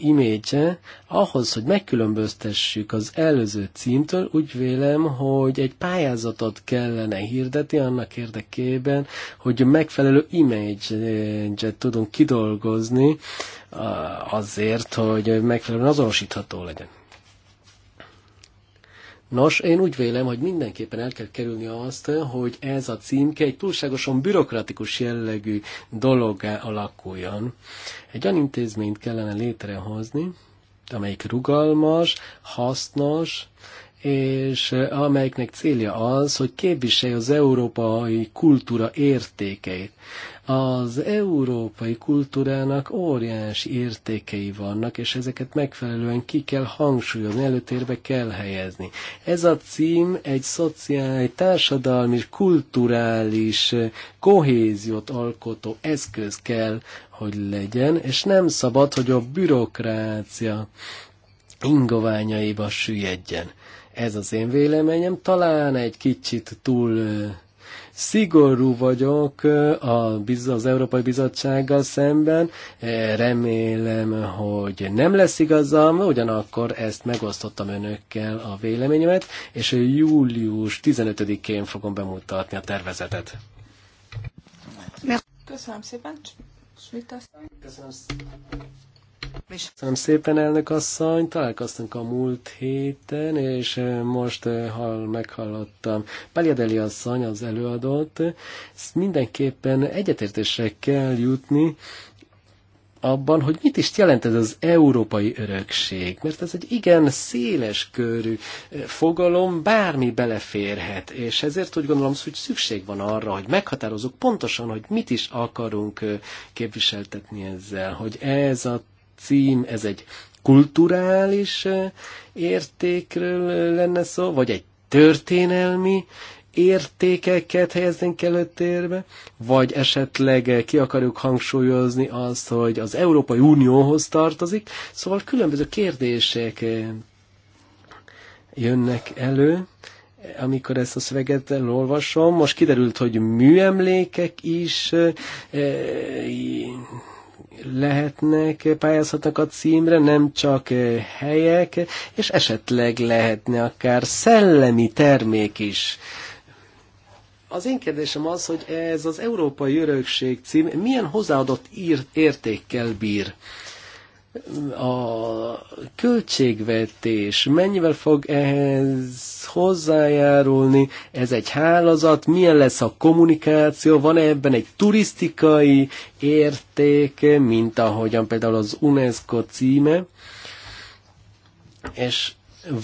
image ahhoz, hogy megkülönböztessük az előző címtől, úgy vélem, hogy egy pályázatot kellene hirdetni annak érdekében, hogy megfelelő image tudunk kidolgozni azért, hogy megfelelően azonosítható legyen. Nos, én úgy vélem, hogy mindenképpen el kell kerülni azt, hogy ez a címke egy túlságosan bürokratikus jellegű dologgá alakuljon. Egy olyan intézményt kellene létrehozni, amelyik rugalmas, hasznos, és amelyiknek célja az, hogy képviselje az európai kultúra értékeit. Az európai kultúrának óriási értékei vannak, és ezeket megfelelően ki kell hangsúlyozni, előtérbe kell helyezni. Ez a cím egy szociális, társadalmi, kulturális kohéziót alkotó eszköz kell, hogy legyen, és nem szabad, hogy a bürokrácia ingoványaiba süllyedjen. Ez az én véleményem, talán egy kicsit túl Szigorú vagyok a, az Európai Bizottsággal szemben, remélem, hogy nem lesz igazam, ugyanakkor ezt megosztottam önökkel a véleményemet, és július 15-én fogom bemutatni a tervezetet. Köszönöm szépen, Köszönöm szépen. Köszönöm szépen, elnök asszony. Találkoztunk a múlt héten, és most hall, meghallottam Paliadeli asszony, az előadót. Ezt mindenképpen egyetértésre kell jutni, abban, hogy mit is jelent ez az európai örökség. Mert ez egy igen széles körű fogalom, bármi beleférhet, és ezért úgy gondolom, hogy szükség van arra, hogy meghatározunk pontosan, hogy mit is akarunk képviseltetni ezzel, hogy ez a cím, ez egy kulturális eh, értékről lenne szó, vagy egy történelmi értékeket helyeznénk előtérbe, vagy esetleg eh, ki akarjuk hangsúlyozni azt, hogy az Európai Unióhoz tartozik, szóval különböző kérdések eh, jönnek elő, amikor ezt a szöveget olvasom, Most kiderült, hogy műemlékek is lehetnek, pályázhatnak a címre, nem csak eh, helyek, és esetleg lehetne akár szellemi termék is. Az én kérdésem az, hogy ez az Európai Örökség cím milyen hozzáadott írt értékkel bír a költségvetés mennyivel fog ehhez hozzájárulni, ez egy hálazat, milyen lesz a kommunikáció, van -e ebben egy turisztikai érték, mint ahogyan például az UNESCO címe, és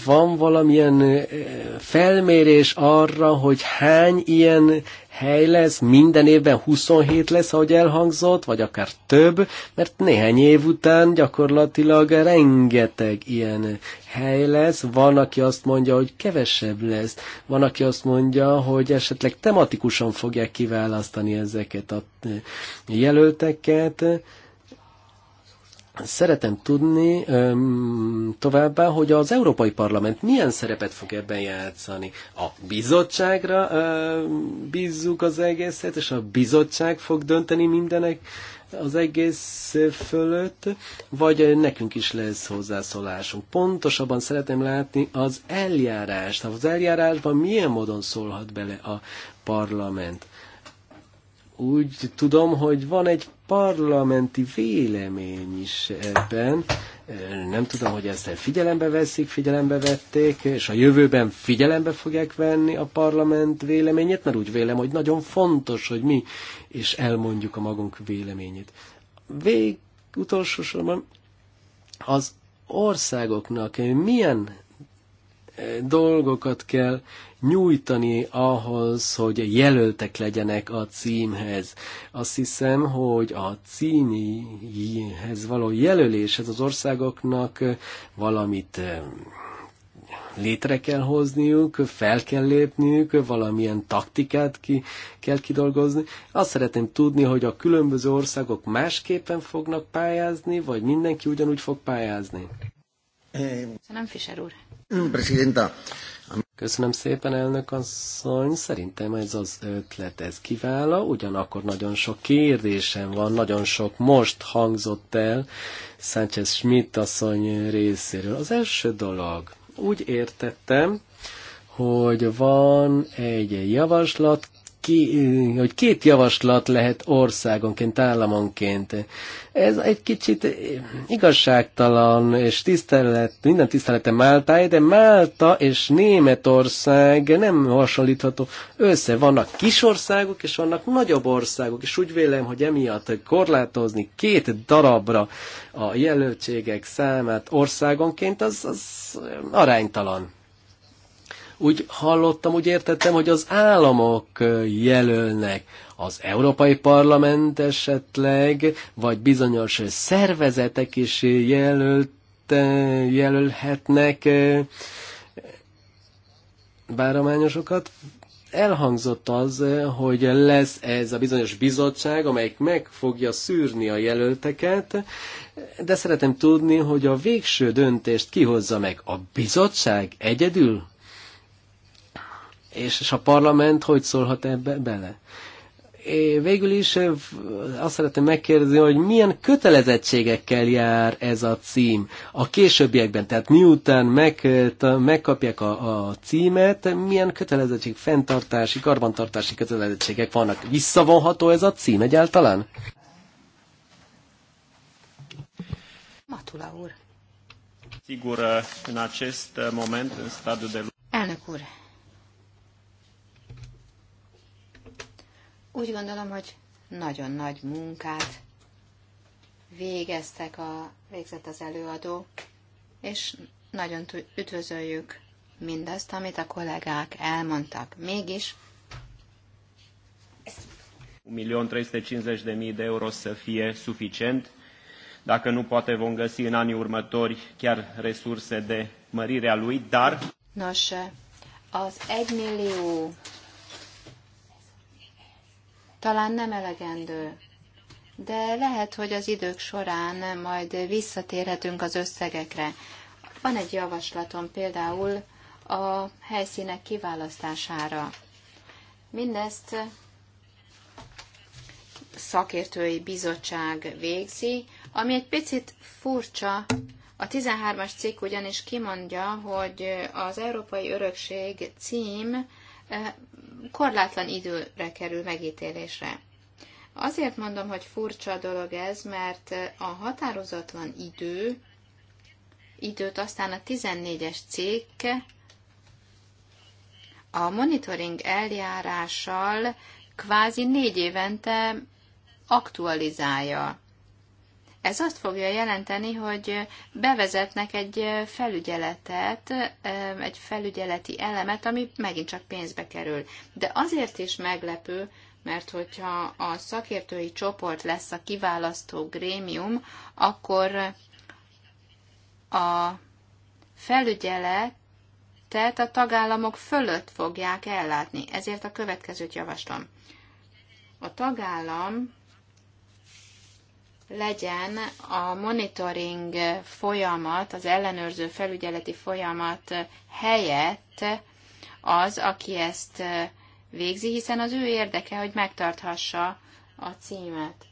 van valamilyen felmérés arra, hogy hány ilyen hely lesz, minden évben 27 lesz, ahogy elhangzott, vagy akár több, mert néhány év után gyakorlatilag rengeteg ilyen hely lesz. Van, aki azt mondja, hogy kevesebb lesz, van, aki azt mondja, hogy esetleg tematikusan fogják kiválasztani ezeket a jelölteket, Szeretem tudni öm, továbbá, hogy az Európai Parlament milyen szerepet fog ebben játszani. A bizottságra öm, bízzuk az egészet, és a bizottság fog dönteni mindenek az egész fölött, vagy nekünk is lesz hozzászólásunk. Pontosabban szeretem látni az eljárást. Az eljárásban milyen módon szólhat bele a parlament. Úgy tudom, hogy van egy parlamenti vélemény is ebben. Nem tudom, hogy ezt figyelembe veszik, figyelembe vették, és a jövőben figyelembe fogják venni a parlament véleményét, mert úgy vélem, hogy nagyon fontos, hogy mi is elmondjuk a magunk véleményét. Vég utolsó sorban az országoknak milyen dolgokat kell nyújtani ahhoz, hogy jelöltek legyenek a címhez. Azt hiszem, hogy a címhez való jelöléshez az országoknak eh, valamit eh, létre kell hozniuk, fel kell lépniük, valamilyen taktikát ki kell kidolgozni. Azt szeretném tudni, hogy a különböző országok másképpen fognak pályázni, vagy mindenki ugyanúgy fog pályázni. Eh, Köszönöm, Fischer úr. Presidenta. Köszönöm szépen, elnök asszony. Szerintem ez az ötlet, ez kiváló. Ugyanakkor nagyon sok kérdésem van, nagyon sok most hangzott el Sánchez Schmidt asszony részéről. Az első dolog, úgy értettem, hogy van egy javaslat ki, hogy két javaslat lehet országonként, államonként. Ez egy kicsit igazságtalan, és tisztelet, minden tisztelete Máltáé, de Málta és Németország nem hasonlítható össze. Vannak kis országok, és vannak nagyobb országok, és úgy vélem, hogy emiatt korlátozni két darabra a jelöltségek számát országonként, az, az aránytalan. Úgy hallottam, úgy értettem, hogy az államok jelölnek az Európai Parlament esetleg, vagy bizonyos szervezetek is jelölt, jelölhetnek várományosokat. Elhangzott az, hogy lesz ez a bizonyos bizottság, amelyik meg fogja szűrni a jelölteket, de szeretem tudni, hogy a végső döntést kihozza meg a bizottság egyedül, és, és a parlament hogy szólhat ebbe bele? É, végül is azt szeretném megkérdezni, hogy milyen kötelezettségekkel jár ez a cím a későbbiekben, tehát miután meg, megkapják a, a címet, milyen kötelezettség, fenntartási, karbantartási kötelezettségek vannak? Visszavonható ez a cím egyáltalán? Matula úr. Sigur, în acest moment, în stadiul de... Elnök úr, Úgy gondolom, hogy nagyon nagy munkát végeztek a, végzett az előadó, és nagyon üdvözöljük mindazt, amit a kollégák elmondtak. Mégis 1.350.000 de euró să fie suficient. Dacă nu, poate vom găsi în anii următori chiar resurse de mărire a lui, dar... Nos, az 1 millió talán nem elegendő, de lehet, hogy az idők során majd visszatérhetünk az összegekre. Van egy javaslatom például a helyszínek kiválasztására. Mindezt szakértői bizottság végzi, ami egy picit furcsa. A 13-as cikk ugyanis kimondja, hogy az Európai Örökség cím eh, korlátlan időre kerül megítélésre. Azért mondom, hogy furcsa dolog ez, mert a határozatlan idő, időt aztán a 14-es cég a monitoring eljárással kvázi négy évente aktualizálja. Ez azt fogja jelenteni, hogy bevezetnek egy felügyeletet, egy felügyeleti elemet, ami megint csak pénzbe kerül. De azért is meglepő, mert hogyha a szakértői csoport lesz a kiválasztó grémium, akkor a felügyelet, tehát a tagállamok fölött fogják ellátni. Ezért a következőt javaslom. A tagállam legyen a monitoring folyamat, az ellenőrző felügyeleti folyamat helyett az, aki ezt végzi, hiszen az ő érdeke, hogy megtarthassa a címet.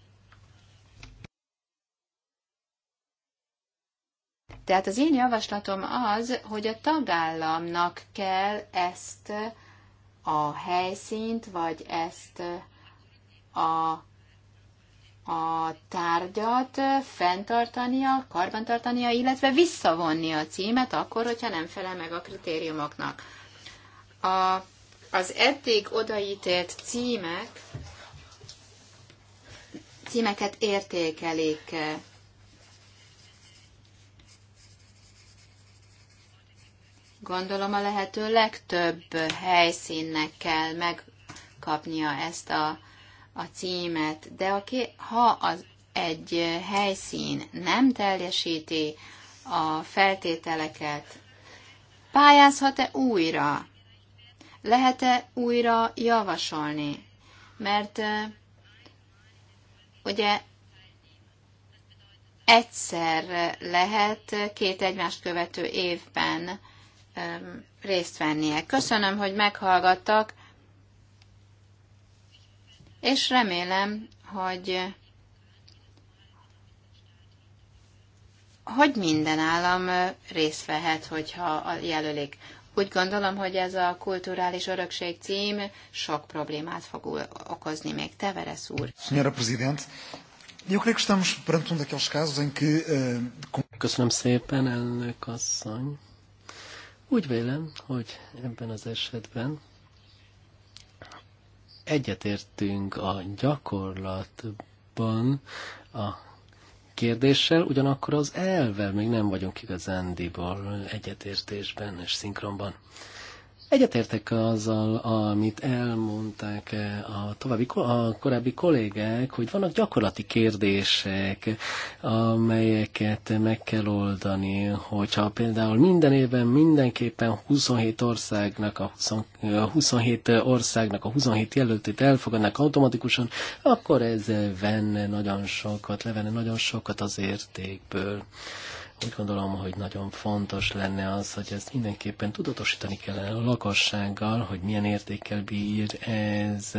Tehát az én javaslatom az, hogy a tagállamnak kell ezt a helyszínt, vagy ezt a a tárgyat fenntartania, karbantartania, illetve visszavonni a címet akkor, hogyha nem felel meg a kritériumoknak. A, az eddig odaítélt címek címeket értékelik. Gondolom a lehető legtöbb helyszínnek kell megkapnia ezt a a címet, de aki, ha az egy helyszín nem teljesíti a feltételeket, pályázhat-e újra? Lehet-e újra javasolni? Mert ugye egyszer lehet két egymást követő évben részt vennie. Köszönöm, hogy meghallgattak és remélem, hogy hogy minden állam részt vehet, hogyha jelölik. Úgy gondolom, hogy ez a kulturális örökség cím sok problémát fog okozni még. Teveres úr. Senhora Presidente, eu creio que estamos perante um daqueles casos em que... Eh, Köszönöm szépen, elnök asszony. Úgy vélem, hogy ebben az esetben egyetértünk a gyakorlatban a kérdéssel, ugyanakkor az elvel még nem vagyunk igazándiból egyetértésben és szinkronban. Egyetértek azzal, amit elmondták eh, a, további, a korábbi kollégák, hogy vannak gyakorlati kérdések, amelyeket meg kell oldani, hogyha például minden évben mindenképpen 27 országnak a, 20, a 27 országnak a 27 jelöltét elfogadnak automatikusan, akkor ez venne nagyon sokat, levenne nagyon sokat az értékből. Úgy gondolom, hogy nagyon fontos lenne az, hogy ezt mindenképpen tudatosítani kellene a lakossággal, hogy milyen értékkel bír ez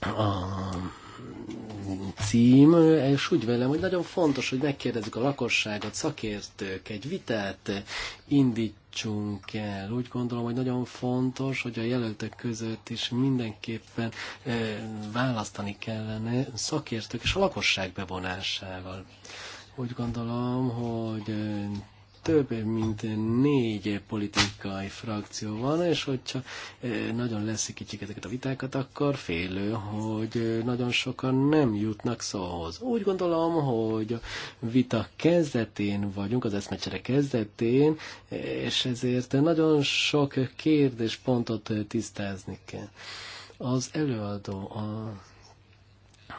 a cím, és úgy velem, hogy nagyon fontos, hogy megkérdezzük a lakosságot, szakértők, egy vitát indítsunk el. Úgy gondolom, hogy nagyon fontos, hogy a jelöltek között is mindenképpen eh, választani kellene szakértők és a lakosság bevonásával. Úgy gondolom, hogy több mint négy politikai frakció van, és hogyha nagyon kicsik ezeket a vitákat, akkor félő, hogy nagyon sokan nem jutnak szóhoz. Úgy gondolom, hogy a vita kezdetén vagyunk, az eszmecsere kezdetén, és ezért nagyon sok kérdéspontot tisztázni kell. Az előadó, a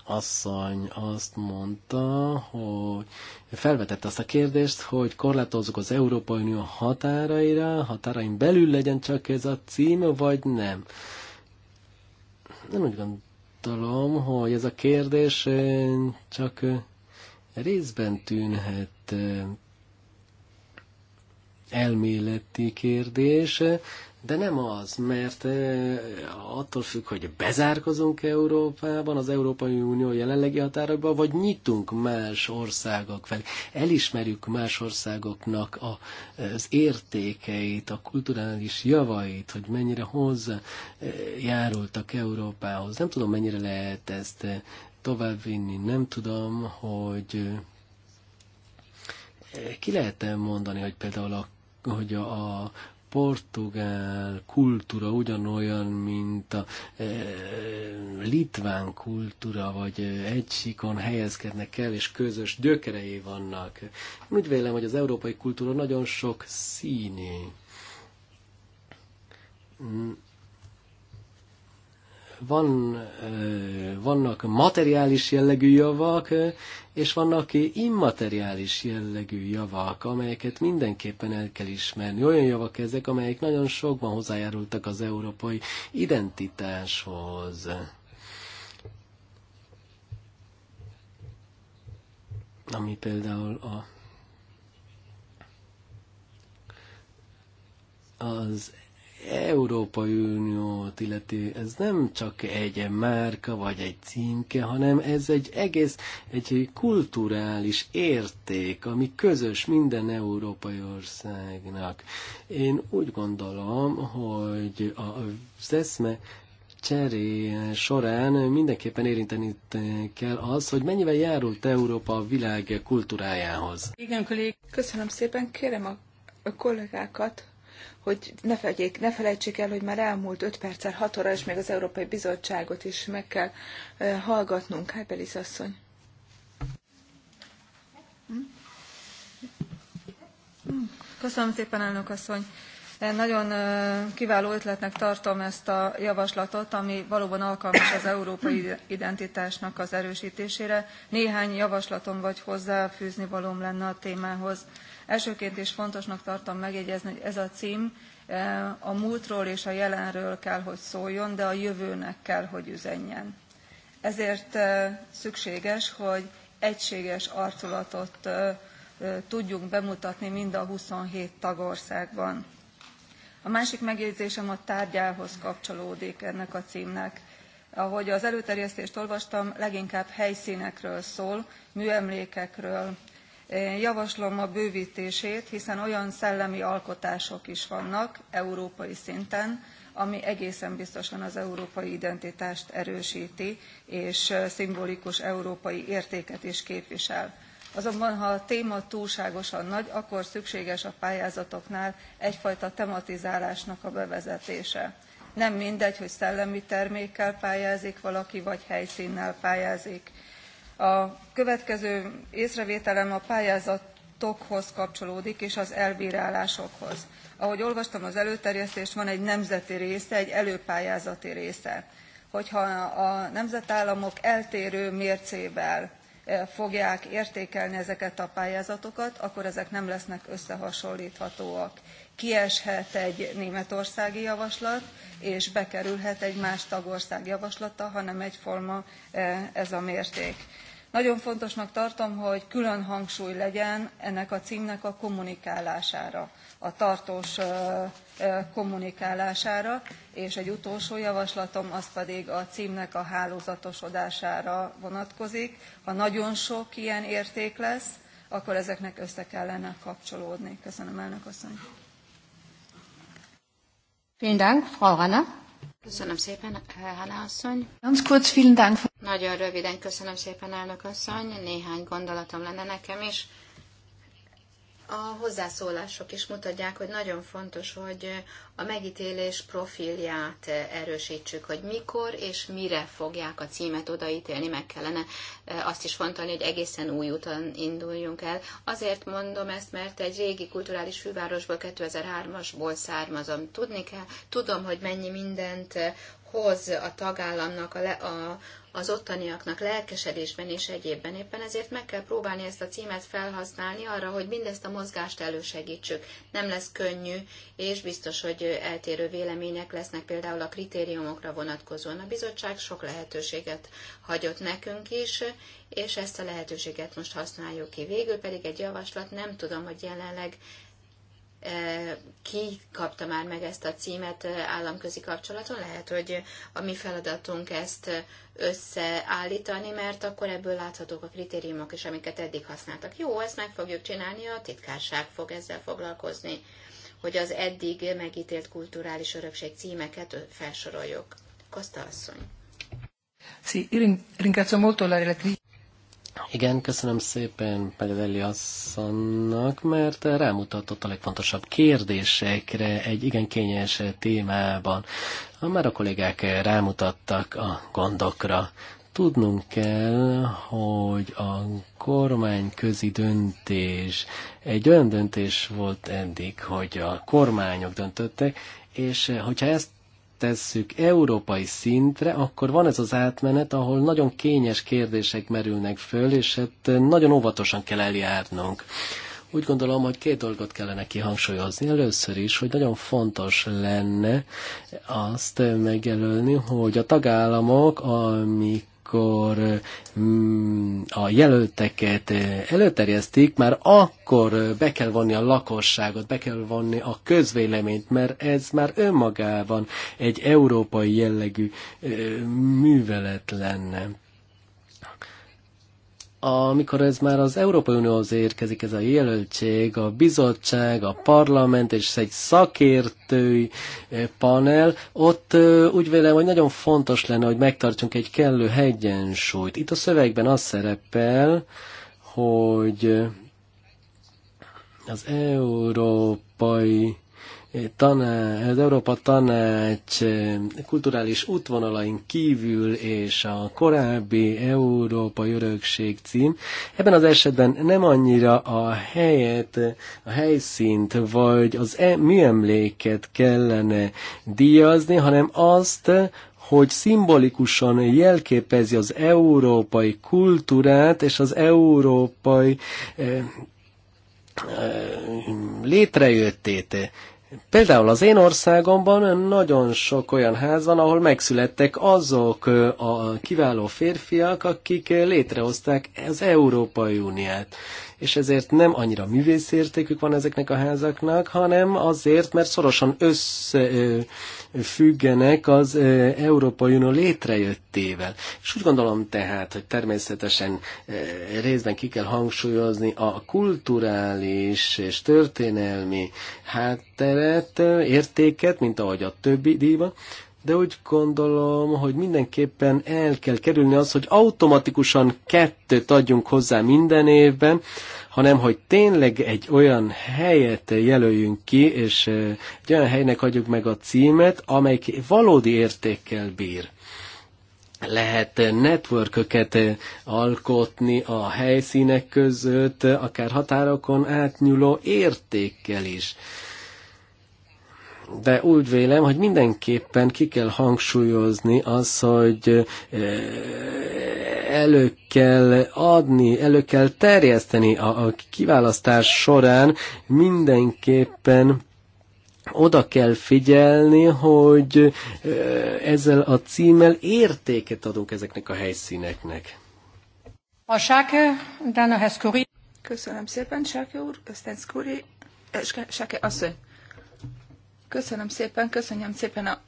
asszony azt mondta, hogy felvetette azt a kérdést, hogy korlátozzuk az Európai Unió határaira, határain belül legyen csak ez a cím, vagy nem. Nem úgy gondolom, hogy ez a kérdés eh, csak eh, részben tűnhet eh, elméleti kérdés, de nem az, mert attól függ, hogy bezárkozunk Európában, az Európai Unió jelenlegi határokban, vagy nyitunk más országok felé. Elismerjük más országoknak a, az értékeit, a kulturális javait, hogy mennyire hozzájárultak Európához. Nem tudom, mennyire lehet ezt továbbvinni, nem tudom, hogy ki lehet -e mondani, hogy például a hogy a, a portugál kultúra ugyanolyan, mint a e, litván kultúra, vagy egy helyezkednek el, és közös gyökerei vannak. Úgy vélem, hogy az európai kultúra nagyon sok színű van, vannak materiális jellegű javak, és vannak immateriális jellegű javak, amelyeket mindenképpen el kell ismerni. Olyan javak ezek, amelyek nagyon sokban hozzájárultak az európai identitáshoz. Ami például a az Európai Uniót illeti, ez nem csak egy márka vagy egy címke, hanem ez egy egész, egy kulturális érték, ami közös minden európai országnak. Én úgy gondolom, hogy a eszme cseré során mindenképpen érinteni kell az, hogy mennyivel járult Európa a világ kultúrájához. Igen, kollég. Köszönöm szépen, kérem a, a kollégákat, hogy ne, fegyék, ne felejtsék el, hogy már elmúlt 5 perccel 6 óra, és még az Európai Bizottságot is meg kell hallgatnunk. Hájbelis asszony. Köszönöm szépen, elnök asszony. Én nagyon kiváló ötletnek tartom ezt a javaslatot, ami valóban alkalmas az európai identitásnak az erősítésére. Néhány javaslatom vagy hozzáfűzni valóm lenne a témához elsőként is fontosnak tartom megjegyezni hogy ez a cím, eh, a múltról és a jelenről kell hogy szóljon de a jövőnek kell hogy üzenjen. ezért eh, szükséges hogy egységes arculatot eh, tudjunk bemutatni mind a 27 tagországban. a másik megjegyzésem a tárgyához kapcsolódik ennek a címnek, ahogy az előterjesztést olvastam leginkább helyszínekről szól műemlékekről javaslom a bővtését hiszen olyan szellemi alkotások is vannak európai szinten ami egészen biztosan az európai identitást erősti és szimbolikus európai értéket is képvisel. azonban ha a téma túlságosan nagy akkor szükséges a pályázatoknál egyfajta tematizálásnak a bevezetése. nem mindegy hogy szellemi termékkel pályázik valaki vagy helyszínnel pályázik a következő észrevételem a pályázatokhoz kapcsolódik és az elbrálásokhoz. ahogy olvastam az előterjesztést van egy nemzeti része egy előpályázati része hogyha a nemzetállamok eltérő mércével fogják értékelni ezeket a pályázatokat akkor ezek nem lesznek összehasonlíthatóak. kieshet egy németországi javaslat és bekerülhet egy más tagország javaslata hanem egyforma ez a mérték nagyon fontosnak tartom hogy külön hangsúly legyen ennek a cmnek a kommunikálására a tartós kommunikálására és egy utolsó javaslatom az pedig a cmnek a hálózatosodására vonatkozik ha nagyon sok ilyen érték lesz akkor ezeknek össze kellene kapcsolódni. köszönöm elnök asszony! Köszönöm szépen, Hána asszony. Nagyon röviden köszönöm szépen, elnök asszony. Néhány gondolatom lenne nekem is a hozzászólások is mutatják, hogy nagyon fontos, hogy a megítélés profilját erősítsük, hogy mikor és mire fogják a címet odaítélni, meg kellene e, azt is fontolni, hogy egészen új úton induljunk el. Azért mondom ezt, mert egy régi kulturális fővárosból, 2003-asból származom. Tudni kell, tudom, hogy mennyi mindent e, hoz a tagállamnak a, le, a, az ottaniaknak lelkesedésben és egyébben. Éppen ezért meg kell próbálni ezt a címet felhasználni arra, hogy mindezt a mozgást elősegítsük. Nem lesz könnyű, és biztos, hogy eltérő vélemények lesznek például a kritériumokra vonatkozóan. A bizottság sok lehetőséget hagyott nekünk is, és ezt a lehetőséget most használjuk ki. Végül pedig egy javaslat, nem tudom, hogy jelenleg ki kapta már meg ezt a címet államközi kapcsolaton, lehet, hogy a mi feladatunk ezt összeállítani, mert akkor ebből láthatók a kritériumok is, amiket eddig használtak. Jó, ezt meg fogjuk csinálni, a titkárság fog ezzel foglalkozni, hogy az eddig megítélt kulturális örökség címeket felsoroljuk. Kosta asszony. Sí, ringrazio molto la relatrice. Igen, köszönöm szépen Pedeli asszonnak, mert rámutatott a legfontosabb kérdésekre egy igen kényes témában. Már a kollégák rámutattak a gondokra. Tudnunk kell, hogy a kormányközi döntés egy olyan döntés volt eddig, hogy a kormányok döntöttek, és hogyha ezt áttesszük európai szintre, akkor van ez az átmenet, ahol nagyon kényes kérdések merülnek föl, és hát nagyon óvatosan kell eljárnunk. Úgy gondolom, hogy két dolgot kellene kihangsúlyozni. Először is, hogy nagyon fontos lenne azt megjelölni, hogy a tagállamok, amik amikor mm, a jelölteket eh, előterjesztik, már akkor eh, be kell vonni a lakosságot, be kell vonni a közvéleményt, mert ez már önmagában egy európai jellegű eh, művelet lenne amikor ez már az Európai Unióhoz érkezik, ez a jelöltség, a bizottság, a parlament és egy szakértői eh, panel, ott eh, úgy vélem, hogy nagyon fontos lenne, hogy megtartsunk egy kellő egyensúlyt. Itt a szövegben az szerepel, hogy eh, az európai tan, az Európa Tanács eh, kulturális útvonalain kívül és a korábbi Európa Örökség cím ebben az esetben nem annyira a helyet, a helyszínt vagy az e műemléket kellene díjazni, hanem azt, hogy szimbolikusan jelképezi az európai kultúrát és az európai eh, eh, létrejöttét. Például az én országomban nagyon sok olyan ház van, ahol megszülettek azok a kiváló férfiak, akik létrehozták az Európai Uniát és ezért nem annyira művészértékük van ezeknek a házaknak, hanem azért, mert szorosan összefüggenek az Európai Unió létrejöttével. És úgy gondolom tehát, hogy természetesen részben ki kell hangsúlyozni a kulturális és történelmi hátteret, értéket, mint ahogy a többi díjban, de úgy gondolom, hogy mindenképpen el kell kerülni az, hogy automatikusan kettőt adjunk hozzá minden évben, hanem hogy tényleg egy olyan helyet jelöljünk ki, és egy olyan helynek adjuk meg a címet, amely valódi értékkel bír lehet networköket alkotni a helyszínek között, akár határokon átnyúló értékkel is de úgy vélem, hogy mindenképpen ki kell hangsúlyozni az, hogy eh, elő kell adni, elő kell terjeszteni a, a kiválasztás során mindenképpen oda kell figyelni, hogy eh, ezzel a címmel értéket adunk ezeknek a helyszíneknek. A Sáke, Heszkori Köszönöm szépen, Sáke úr, Köszönöm, Skuri, eh, Sáke asszony. Köszönöm szépen, köszönöm szépen a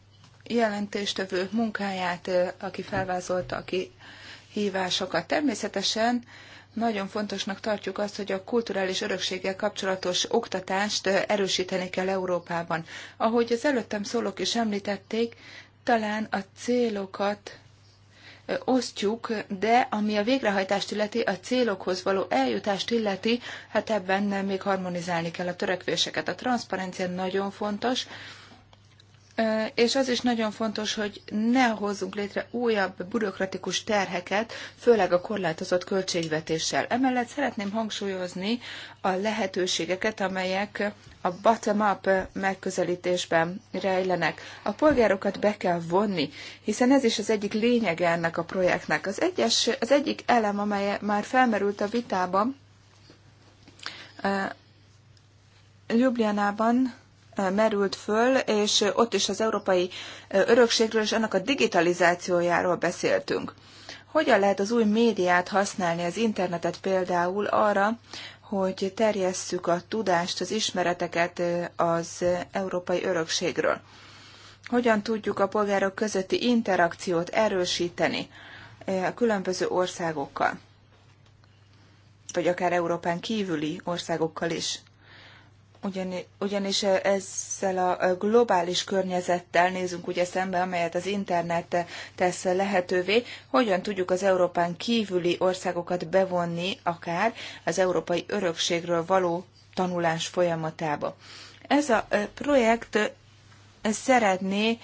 jelentéstevő munkáját, aki felvázolta a kihívásokat. Természetesen nagyon fontosnak tartjuk azt, hogy a kulturális örökséggel kapcsolatos oktatást erősíteni kell Európában. Ahogy az előttem szólók is említették, talán a célokat osztjuk, de ami a végrehajtást illeti, a célokhoz való eljutást illeti, hát ebben még harmonizálni kell a törekvéseket. A transzparencia nagyon fontos, és az is nagyon fontos, hogy ne hozzunk létre újabb bürokratikus terheket, főleg a korlátozott költségvetéssel. Emellett szeretném hangsúlyozni a lehetőségeket, amelyek a bottom-up megközelítésben rejlenek. A polgárokat be kell vonni, hiszen ez is az egyik lényege ennek a projektnek. Az, egyes, az egyik elem, amely már felmerült a vitában, Ljubljanában merült föl, és ott is az európai örökségről és annak a digitalizációjáról beszéltünk. Hogyan lehet az új médiát használni, az internetet például arra, hogy terjesszük a tudást, az ismereteket az európai örökségről? Hogyan tudjuk a polgárok közötti interakciót erősíteni a különböző országokkal? Vagy akár Európán kívüli országokkal is? ugyanis ezzel a globális környezettel nézünk ugye szembe, amelyet az internet tesz lehetővé, hogyan tudjuk az Európán kívüli országokat bevonni akár az európai örökségről való tanulás folyamatába. Ez a projekt szeretné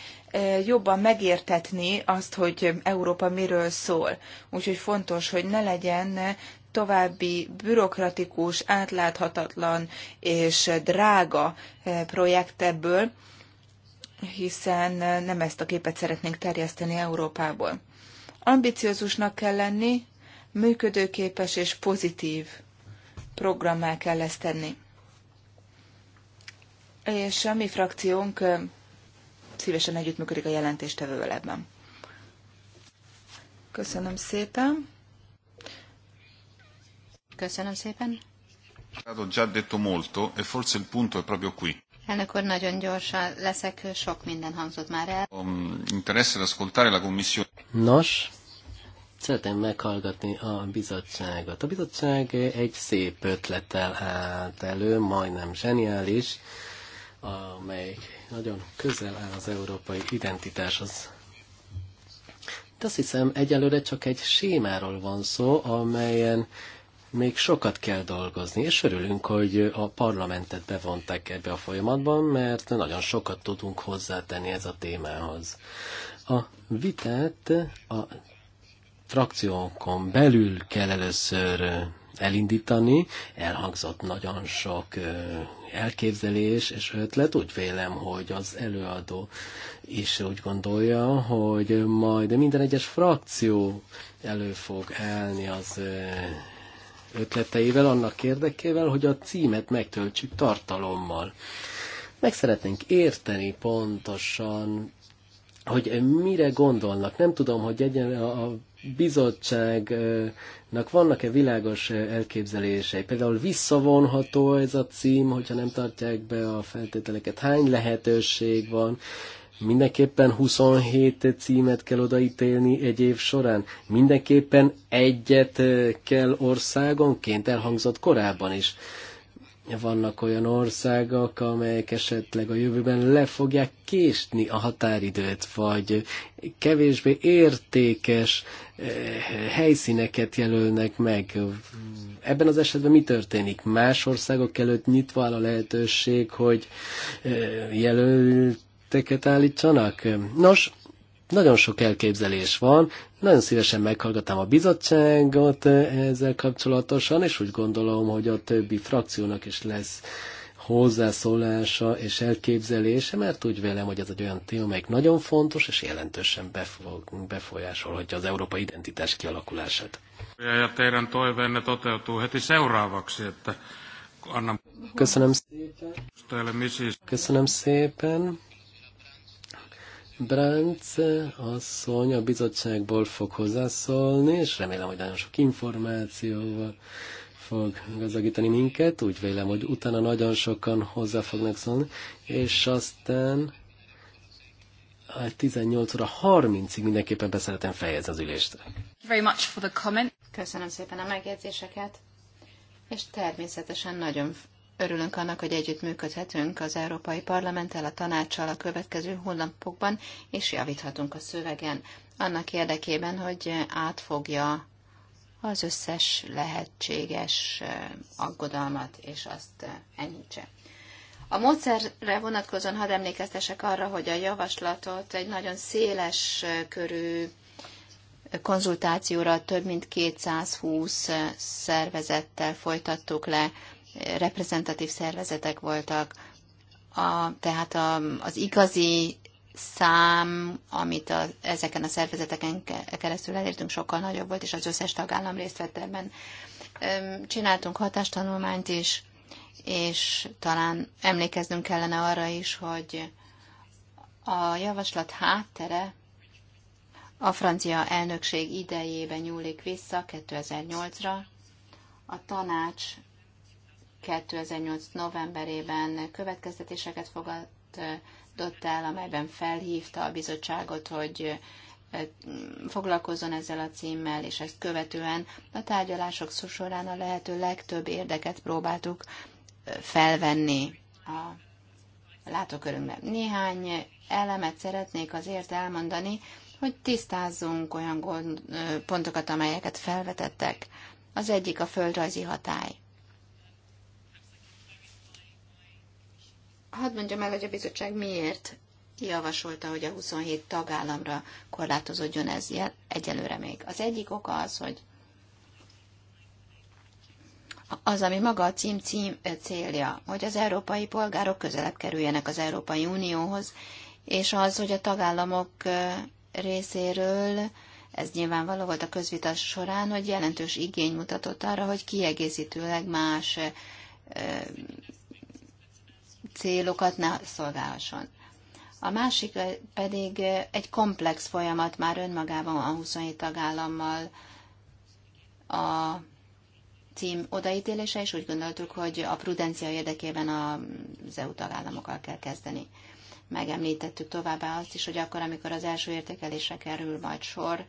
jobban megértetni azt, hogy Európa miről szól. Úgyhogy fontos, hogy ne legyen további bürokratikus, átláthatatlan és drága eh, projekt ebből, hiszen eh, nem ezt a képet szeretnénk terjeszteni Európából. Ambiciózusnak kell lenni, működőképes és pozitív programmá kell ezt tenni. És a mi frakciónk eh, szívesen együttműködik a jelentéstevővel ebben. Köszönöm szépen. Köszönöm szépen. E Elnök úr, nagyon gyorsan leszek, sok minden hangzott már el. Mm, Nos, szeretném meghallgatni a bizottságot. A bizottság egy szép ötlettel állt elő, majdnem zseniális, amely nagyon közel áll az európai identitáshoz. De azt hiszem, egyelőre csak egy sémáról van szó, amelyen még sokat kell dolgozni, és örülünk, hogy a parlamentet bevonták ebbe a folyamatban, mert nagyon sokat tudunk hozzátenni ez a témához. A vitát a frakciónkon belül kell először elindítani. Elhangzott nagyon sok elképzelés és ötlet. Úgy vélem, hogy az előadó is úgy gondolja, hogy majd minden egyes frakció elő fog állni az ötleteivel, annak érdekével, hogy a címet megtöltsük tartalommal. Meg szeretnénk érteni pontosan, hogy mire gondolnak. Nem tudom, hogy egyen a bizottságnak vannak-e világos elképzelései. Például visszavonható ez a cím, hogyha nem tartják be a feltételeket. Hány lehetőség van? Mindenképpen 27 címet kell odaítélni egy év során. Mindenképpen egyet kell országonként, elhangzott korábban is. Vannak olyan országok, amelyek esetleg a jövőben le fogják késni a határidőt, vagy kevésbé értékes helyszíneket jelölnek meg. Ebben az esetben mi történik? Más országok előtt nyitva áll a lehetőség, hogy jelölt projekteket állítsanak. Nos, nagyon sok elképzelés van, nagyon szívesen meghallgatám a bizottságot eh, ezzel kapcsolatosan, és úgy gondolom, hogy a többi frakciónak is lesz hozzászólása és elképzelése, mert úgy vélem, hogy ez egy olyan téma, amelyik nagyon fontos és jelentősen befolyásolhatja az európai identitás kialakulását. Ja teidän toiveenne toteutuu heti seuraavaksi, että annan... Köszönöm szépen. Köszönöm szépen. Brance asszony a bizottságból fog hozzászólni, és remélem, hogy nagyon sok információval fog gazdagítani minket. Úgy vélem, hogy utána nagyon sokan hozzá fognak szólni, és aztán 18 óra 30-ig mindenképpen beszeretem fejezni az ülést. Very much for the comment. Köszönöm szépen a megjegyzéseket, és természetesen nagyon Örülünk annak, hogy együttműködhetünk az Európai Parlamenttel, a tanácssal a következő hónapokban, és javíthatunk a szövegen annak érdekében, hogy átfogja az összes lehetséges aggodalmat, és azt enyhítse. A módszerre vonatkozóan hadd emlékeztesek arra, hogy a javaslatot egy nagyon széles körű konzultációra több mint 220 szervezettel folytattuk le, reprezentatív szervezetek voltak, a, tehát a, az igazi szám, amit a, ezeken a szervezeteken keresztül elértünk, sokkal nagyobb volt, és az összes tagállam részt vett ebben. Csináltunk hatástanulmányt is, és talán emlékeznünk kellene arra is, hogy a javaslat háttere a francia elnökség idejében nyúlik vissza 2008-ra. A tanács 2008. novemberében következtetéseket fogadott el, amelyben felhívta a bizottságot, hogy foglalkozzon ezzel a címmel, és ezt követően a tárgyalások során a lehető legtöbb érdeket próbáltuk felvenni a látókörünkben. Néhány elemet szeretnék azért elmondani, hogy tisztázzunk olyan gond, pontokat, amelyeket felvetettek. Az egyik a földrajzi hatály. hadd mondjam el, hogy a bizottság miért javasolta, hogy a 27 tagállamra korlátozódjon ez egyelőre még. Az egyik oka az, hogy az, ami maga a cím, cím célja, hogy az európai polgárok közelebb kerüljenek az Európai Unióhoz, és az, hogy a tagállamok részéről, ez nyilvánvaló volt a közvitás során, hogy jelentős igény mutatott arra, hogy kiegészítőleg más célokat ne szolgálhasson. A másik pedig egy komplex folyamat már önmagában a 27 tagállammal a cím odaítélése, és úgy gondoltuk, hogy a prudencia érdekében az EU tagállamokkal kell kezdeni. Megemlítettük továbbá azt is, hogy akkor, amikor az első értékelésre kerül majd sor,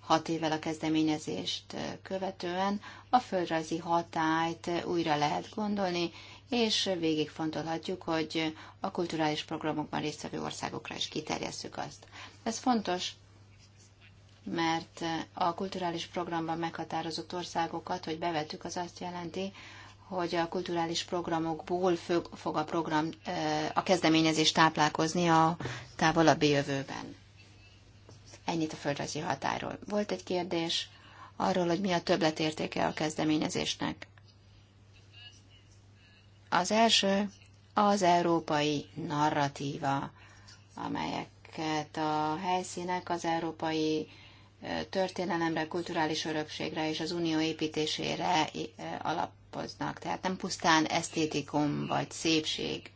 hat évvel a kezdeményezést követően a földrajzi hatályt újra lehet gondolni, és fontolhatjuk, hogy a kulturális programokban résztvevő országokra is kiterjesszük azt. Ez fontos, mert a kulturális programban meghatározott országokat, hogy bevettük, az azt jelenti, hogy a kulturális programokból fog a program, a kezdeményezés táplálkozni a távolabbi jövőben. Ennyit a földrajzi határól. Volt egy kérdés arról, hogy mi a többletértéke a kezdeményezésnek. Az első az európai narratíva, amelyeket a helyszínek az európai történelemre, kulturális örökségre és az unió építésére alapoznak. Tehát nem pusztán esztétikum vagy szépség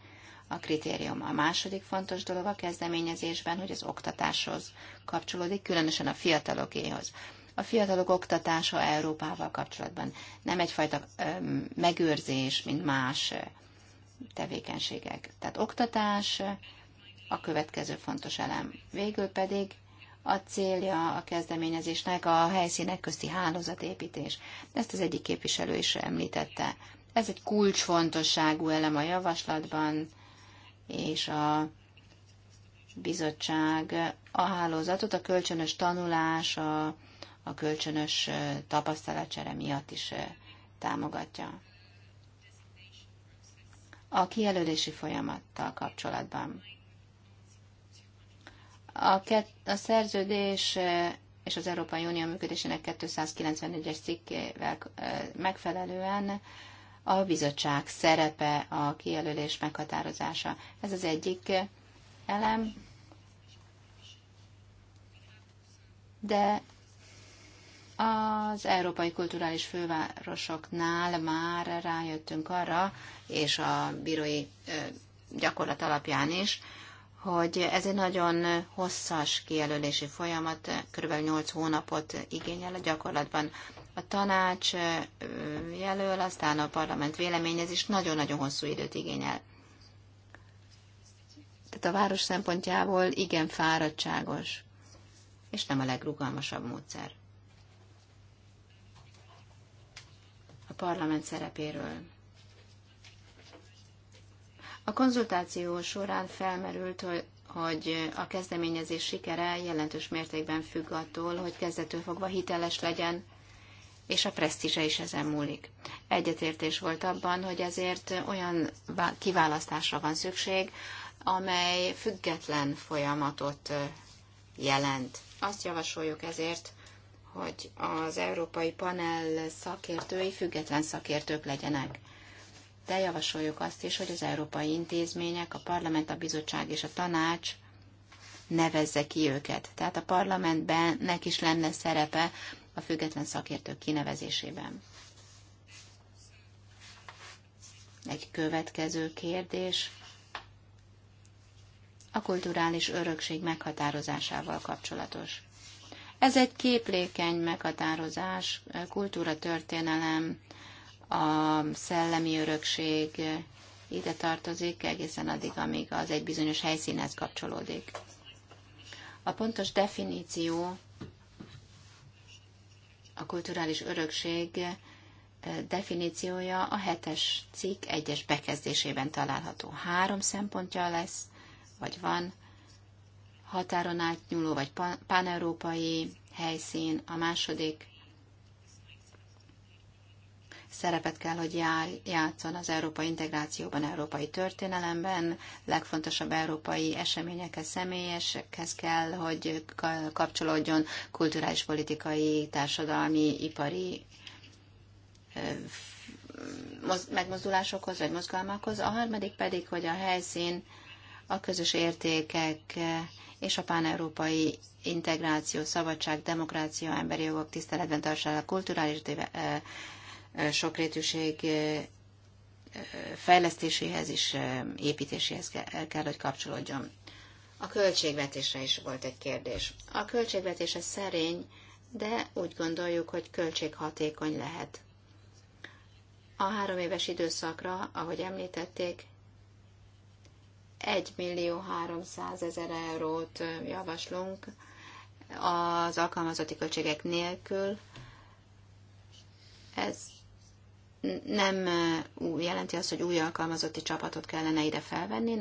a kritérium. A második fontos dolog a kezdeményezésben, hogy az oktatáshoz kapcsolódik, különösen a fiatalokéhoz a fiatalok oktatása Európával kapcsolatban. Nem egyfajta megőrzés, mint más tevékenységek. Tehát oktatás a következő fontos elem. Végül pedig a célja a kezdeményezésnek a helyszínek közti hálózatépítés. Ezt az egyik képviselő is említette. Ez egy kulcsfontosságú elem a javaslatban, és a bizottság a hálózatot, a kölcsönös tanulás, a a kölcsönös tapasztalatcsere miatt is támogatja. A kijelölési folyamattal kapcsolatban. A, ket, a szerződés és az Európai Unió működésének 294-es cikkével megfelelően a bizottság szerepe a kijelölés meghatározása. Ez az egyik elem, de az európai kulturális fővárosoknál már rájöttünk arra, és a bírói gyakorlat alapján is, hogy ez egy nagyon hosszas kijelölési folyamat, kb. 8 hónapot igényel a gyakorlatban. A tanács jelöl, aztán a parlament véleményez is nagyon-nagyon hosszú időt igényel. Tehát a város szempontjából igen fáradtságos, és nem a legrugalmasabb módszer. a parlament szerepéről. A konzultáció során felmerült, hogy a kezdeményezés sikere jelentős mértékben függ attól, hogy kezdetől fogva hiteles legyen, és a presztízse is ezen múlik. Egyetértés volt abban, hogy ezért olyan kiválasztásra van szükség, amely független folyamatot jelent. Azt javasoljuk ezért, hogy az európai panel szakértői független szakértők legyenek. De javasoljuk azt is, hogy az európai intézmények, a parlament, a bizottság és a tanács nevezze ki őket. Tehát a parlamentben nek is lenne szerepe a független szakértők kinevezésében. Egy következő kérdés a kulturális örökség meghatározásával kapcsolatos. Ez egy képlékeny meghatározás, történelem, a szellemi örökség ide tartozik egészen addig, amíg az egy bizonyos helyszínhez kapcsolódik. A pontos definíció a kulturális örökség eh, definíciója a hetes cikk egyes bekezdésében található. Három szempontja lesz, vagy van, határon átnyúló vagy páneurópai helyszín, a második szerepet kell, hogy jár, játszon az európai integrációban, európai történelemben, legfontosabb európai eseményekhez, személyesekhez kell, hogy kapcsolódjon kulturális, politikai, társadalmi, ipari megmozdulásokhoz vagy mozgalmakhoz. A harmadik pedig, hogy a helyszín a közös értékek és a pán-európai integráció, szabadság, demokrácia, emberi jogok tiszteletben tartására, kulturális déve, sokrétűség fejlesztéséhez és építéséhez kell, hogy kapcsolódjon. A költségvetésre is volt egy kérdés. A költségvetése szerény, de úgy gondoljuk, hogy költséghatékony lehet. A három éves időszakra, ahogy említették, 1 millió 300 ezer eurót javaslunk az alkalmazotti költségek nélkül. Ez nem jelenti azt, hogy új alkalmazotti csapatot kellene ide felvenni.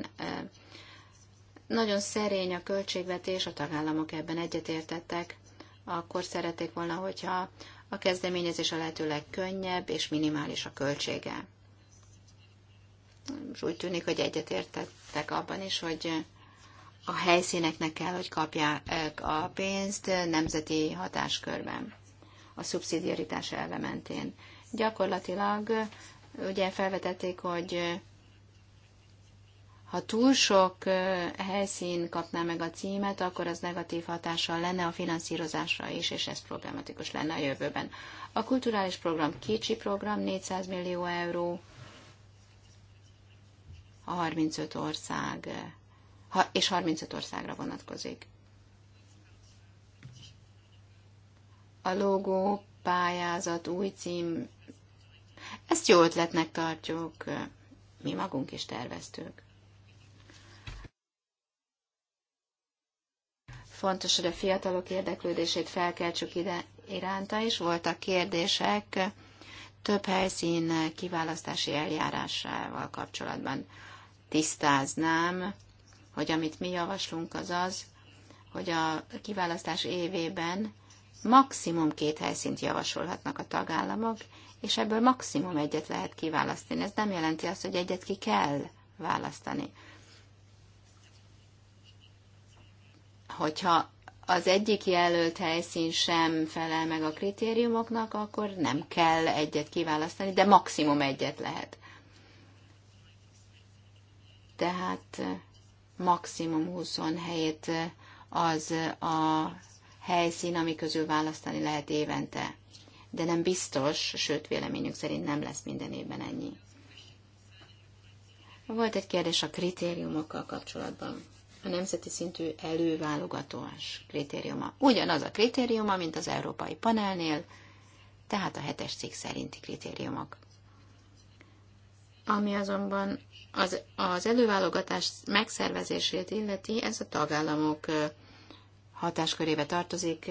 Nagyon szerény a költségvetés, a tagállamok ebben egyetértettek. Akkor szerették volna, hogyha a kezdeményezés a lehető legkönnyebb és minimális a költsége és úgy tűnik, hogy egyetértettek abban is, hogy a helyszíneknek kell, hogy kapják a pénzt nemzeti hatáskörben, a szubszidiaritás elve mentén. Gyakorlatilag ugye felvetették, hogy ha túl sok helyszín kapná meg a címet, akkor az negatív hatással lenne a finanszírozásra is, és ez problematikus lenne a jövőben. A kulturális program kicsi program, 400 millió euró, a 35 ország, és 35 országra vonatkozik. A logó, pályázat, új cím, ezt jó ötletnek tartjuk, mi magunk is terveztük. Fontos, hogy a fiatalok érdeklődését felkeltsük ide iránta, is. voltak kérdések több helyszín kiválasztási eljárásával kapcsolatban tisztáznám, hogy amit mi javaslunk az az, hogy a kiválasztás évében maximum két helyszínt javasolhatnak a tagállamok, és ebből maximum egyet lehet kiválasztani. Ez nem jelenti azt, hogy egyet ki kell választani. Hogyha az egyik jelölt helyszín sem felel meg a kritériumoknak, akkor nem kell egyet kiválasztani, de maximum egyet lehet tehát maximum 20 helyét az a helyszín, ami közül választani lehet évente. De nem biztos, sőt véleményünk szerint nem lesz minden évben ennyi. Volt egy kérdés a kritériumokkal kapcsolatban. A nemzeti szintű előválogatás kritériuma. Ugyanaz a kritériuma, mint az európai panelnél, tehát a hetes cikk szerinti kritériumok. Ami azonban az, az előválogatás megszervezését illeti, ez a tagállamok hatáskörébe tartozik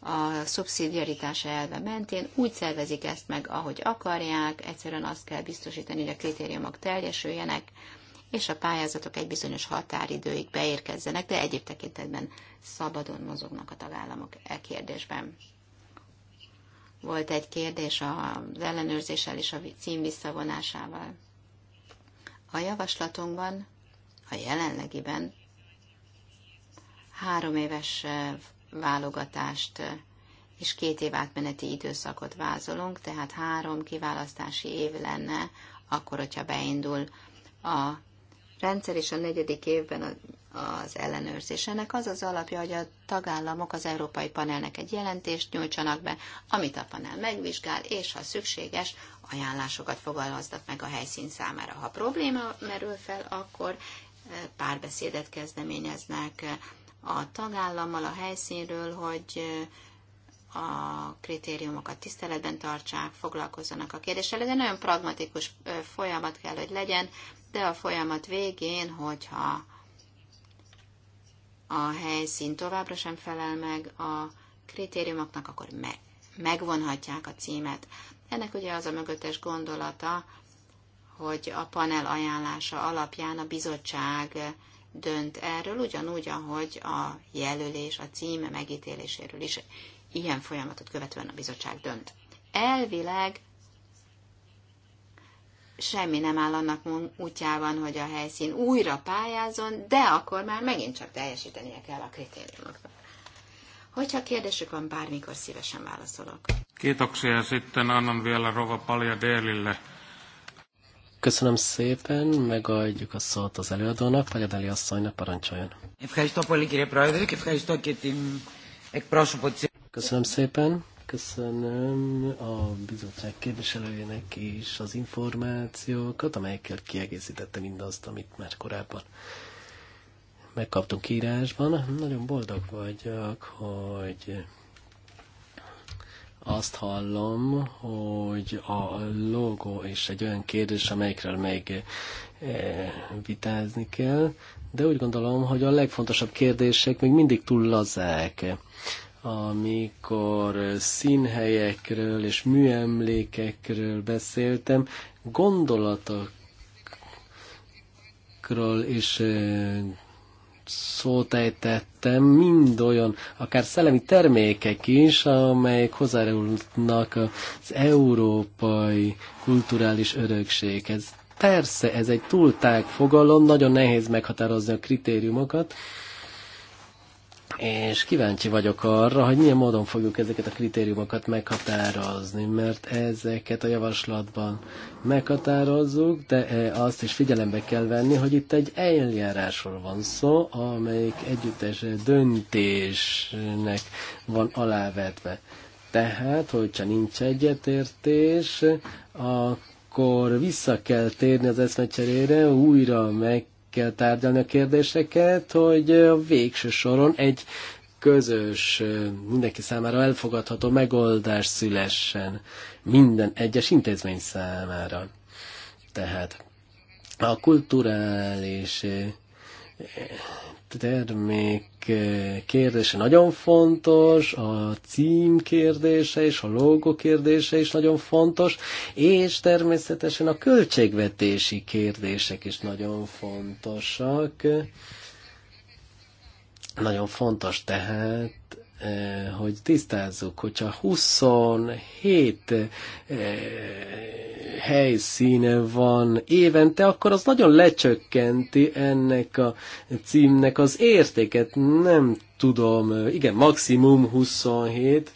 a szubszidiaritás elve mentén. Úgy szervezik ezt meg, ahogy akarják, egyszerűen azt kell biztosítani, hogy a kritériumok teljesüljenek, és a pályázatok egy bizonyos határidőig beérkezzenek, de egyéb tekintetben szabadon mozognak a tagállamok e kérdésben. Volt egy kérdés az ellenőrzéssel és a cím visszavonásával. A javaslatunkban, a jelenlegiben három éves eh, válogatást eh, és két év átmeneti időszakot vázolunk, tehát három kiválasztási év lenne, akkor, hogyha beindul a rendszer, és a negyedik évben a az ellenőrzés. Ennek az az alapja, hogy a tagállamok az Európai Panelnek egy jelentést nyújtsanak be, amit a panel megvizsgál, és ha szükséges, ajánlásokat fogalmaznak meg a helyszín számára. Ha probléma merül fel, akkor eh, párbeszédet kezdeményeznek eh, a tagállammal a helyszínről, hogy eh, a kritériumokat tiszteletben tartsák, foglalkozzanak a kérdéssel. Ez egy nagyon pragmatikus folyamat kell, hogy legyen, de a folyamat végén, hogyha a helyszín továbbra sem felel meg a kritériumoknak, akkor meg, megvonhatják a címet. Ennek ugye az a mögöttes gondolata, hogy a panel ajánlása alapján a bizottság dönt erről, ugyanúgy, ahogy a jelölés, a cím megítéléséről is ilyen folyamatot követően a bizottság dönt. Elvileg semmi nem áll annak útjában, hogy a helyszín újra pályázon, de akkor már megint csak teljesítenie kell a kritériumoknak. Hogyha kérdésük van, bármikor szívesen válaszolok. Kiitoksia, sitten annan vielä Rova Palja Délille. Köszönöm szépen, megadjuk a szót az előadónak, a Deli asszonynak parancsoljon. Köszönöm szépen. Köszönöm a bizottság képviselőjének is az információkat, amelyekkel kiegészítette mindazt, amit már korábban megkaptunk írásban. Nagyon boldog vagyok, hogy azt hallom, hogy a logo és egy olyan kérdés, amelyikről még eh, vitázni kell, de úgy gondolom, hogy a legfontosabb kérdések még mindig túl lazák amikor színhelyekről és műemlékekről beszéltem, gondolatokról is szót mind olyan, akár szellemi termékek is, amelyek hozzárulnak az európai kulturális örökséghez. Persze, ez egy túltág fogalom, nagyon nehéz meghatározni a kritériumokat, és kíváncsi vagyok arra, hogy milyen módon fogjuk ezeket a kritériumokat meghatározni, mert ezeket a javaslatban meghatározzuk, de e, azt is figyelembe kell venni, hogy itt egy eljárásról van szó, amelyik együttes döntésnek van alávetve. Tehát, hogyha nincs egyetértés, akkor vissza kell térni az eszmecserére, újra meg kell tárgyalni a kérdéseket, hogy a végső soron egy közös, mindenki számára elfogadható megoldás szülessen minden egyes intézmény számára. Tehát a kulturális termék kérdése nagyon fontos, a cím kérdése és a logo kérdése is nagyon fontos, és természetesen a költségvetési kérdések is nagyon fontosak. Nagyon fontos tehát Eh, hogy tisztázzuk, hogyha 27 eh, helyszíne van évente, akkor az nagyon lecsökkenti ennek a címnek az értéket. Nem tudom, eh, igen, maximum 27,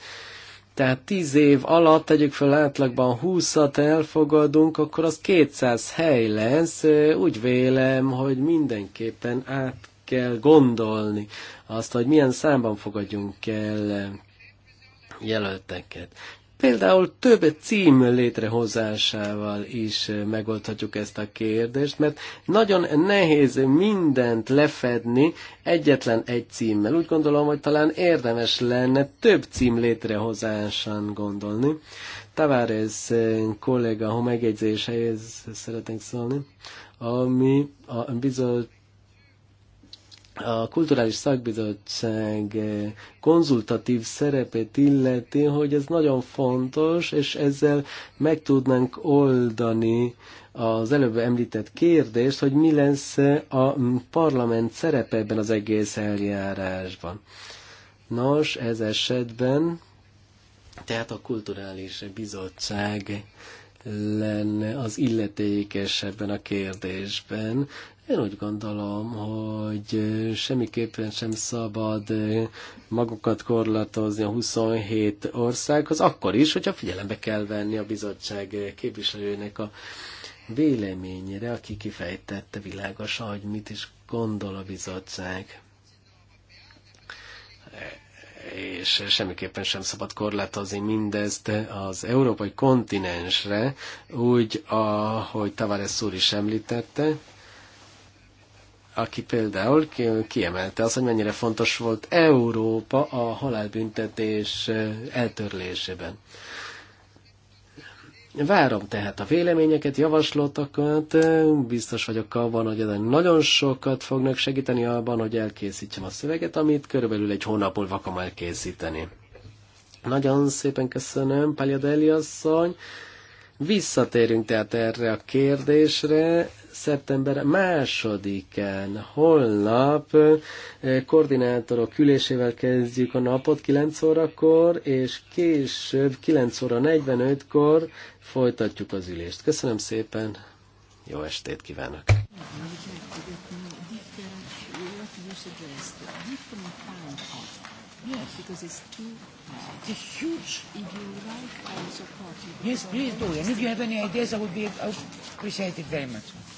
tehát 10 év alatt tegyük fel átlagban 20-at elfogadunk, akkor az 200 hely lesz. Úgy vélem, hogy mindenképpen át kell gondolni azt, hogy milyen számban fogadjunk el jelölteket. Például több cím létrehozásával is megoldhatjuk ezt a kérdést, mert nagyon nehéz mindent lefedni egyetlen egy címmel. Úgy gondolom, hogy talán érdemes lenne több cím létrehozásán gondolni. Tavares kolléga, ha megjegyzéseihez szeretnénk szólni, ami a bizony a Kulturális Szakbizottság eh, konzultatív szerepét illeti, hogy ez nagyon fontos, és ezzel meg tudnánk oldani az előbb említett kérdést, hogy mi lesz a parlament szerepe ebben az egész eljárásban. Nos, ez esetben tehát a Kulturális Bizottság lenne az illetékes ebben a kérdésben. Én úgy gondolom, hogy semmiképpen sem szabad magukat korlátozni a 27 országhoz, akkor is, hogyha figyelembe kell venni a bizottság képviselőjének a véleményére, aki kifejtette világosan, hogy mit is gondol a bizottság. És semmiképpen sem szabad korlátozni mindezt az európai kontinensre, úgy, ahogy Tavares úr is említette, aki például kiemelte azt, hogy mennyire fontos volt Európa a halálbüntetés eltörlésében. Várom tehát a véleményeket, javaslatokat, biztos vagyok abban, hogy ezen nagyon sokat fognak segíteni abban, hogy elkészítsem a szöveget, amit körülbelül egy hónap múlva elkészíteni. Nagyon szépen köszönöm, Deli asszony. Visszatérünk tehát erre a kérdésre, szeptember másodikán, holnap koordinátorok ülésével kezdjük a napot 9 órakor, és később 9 óra 45-kor folytatjuk az ülést. Köszönöm szépen, jó estét kívánok! Yes. Because it's too It's huge. If you like, I support you. Yes, please do. And if you have any ideas, I would be I would appreciate it very much.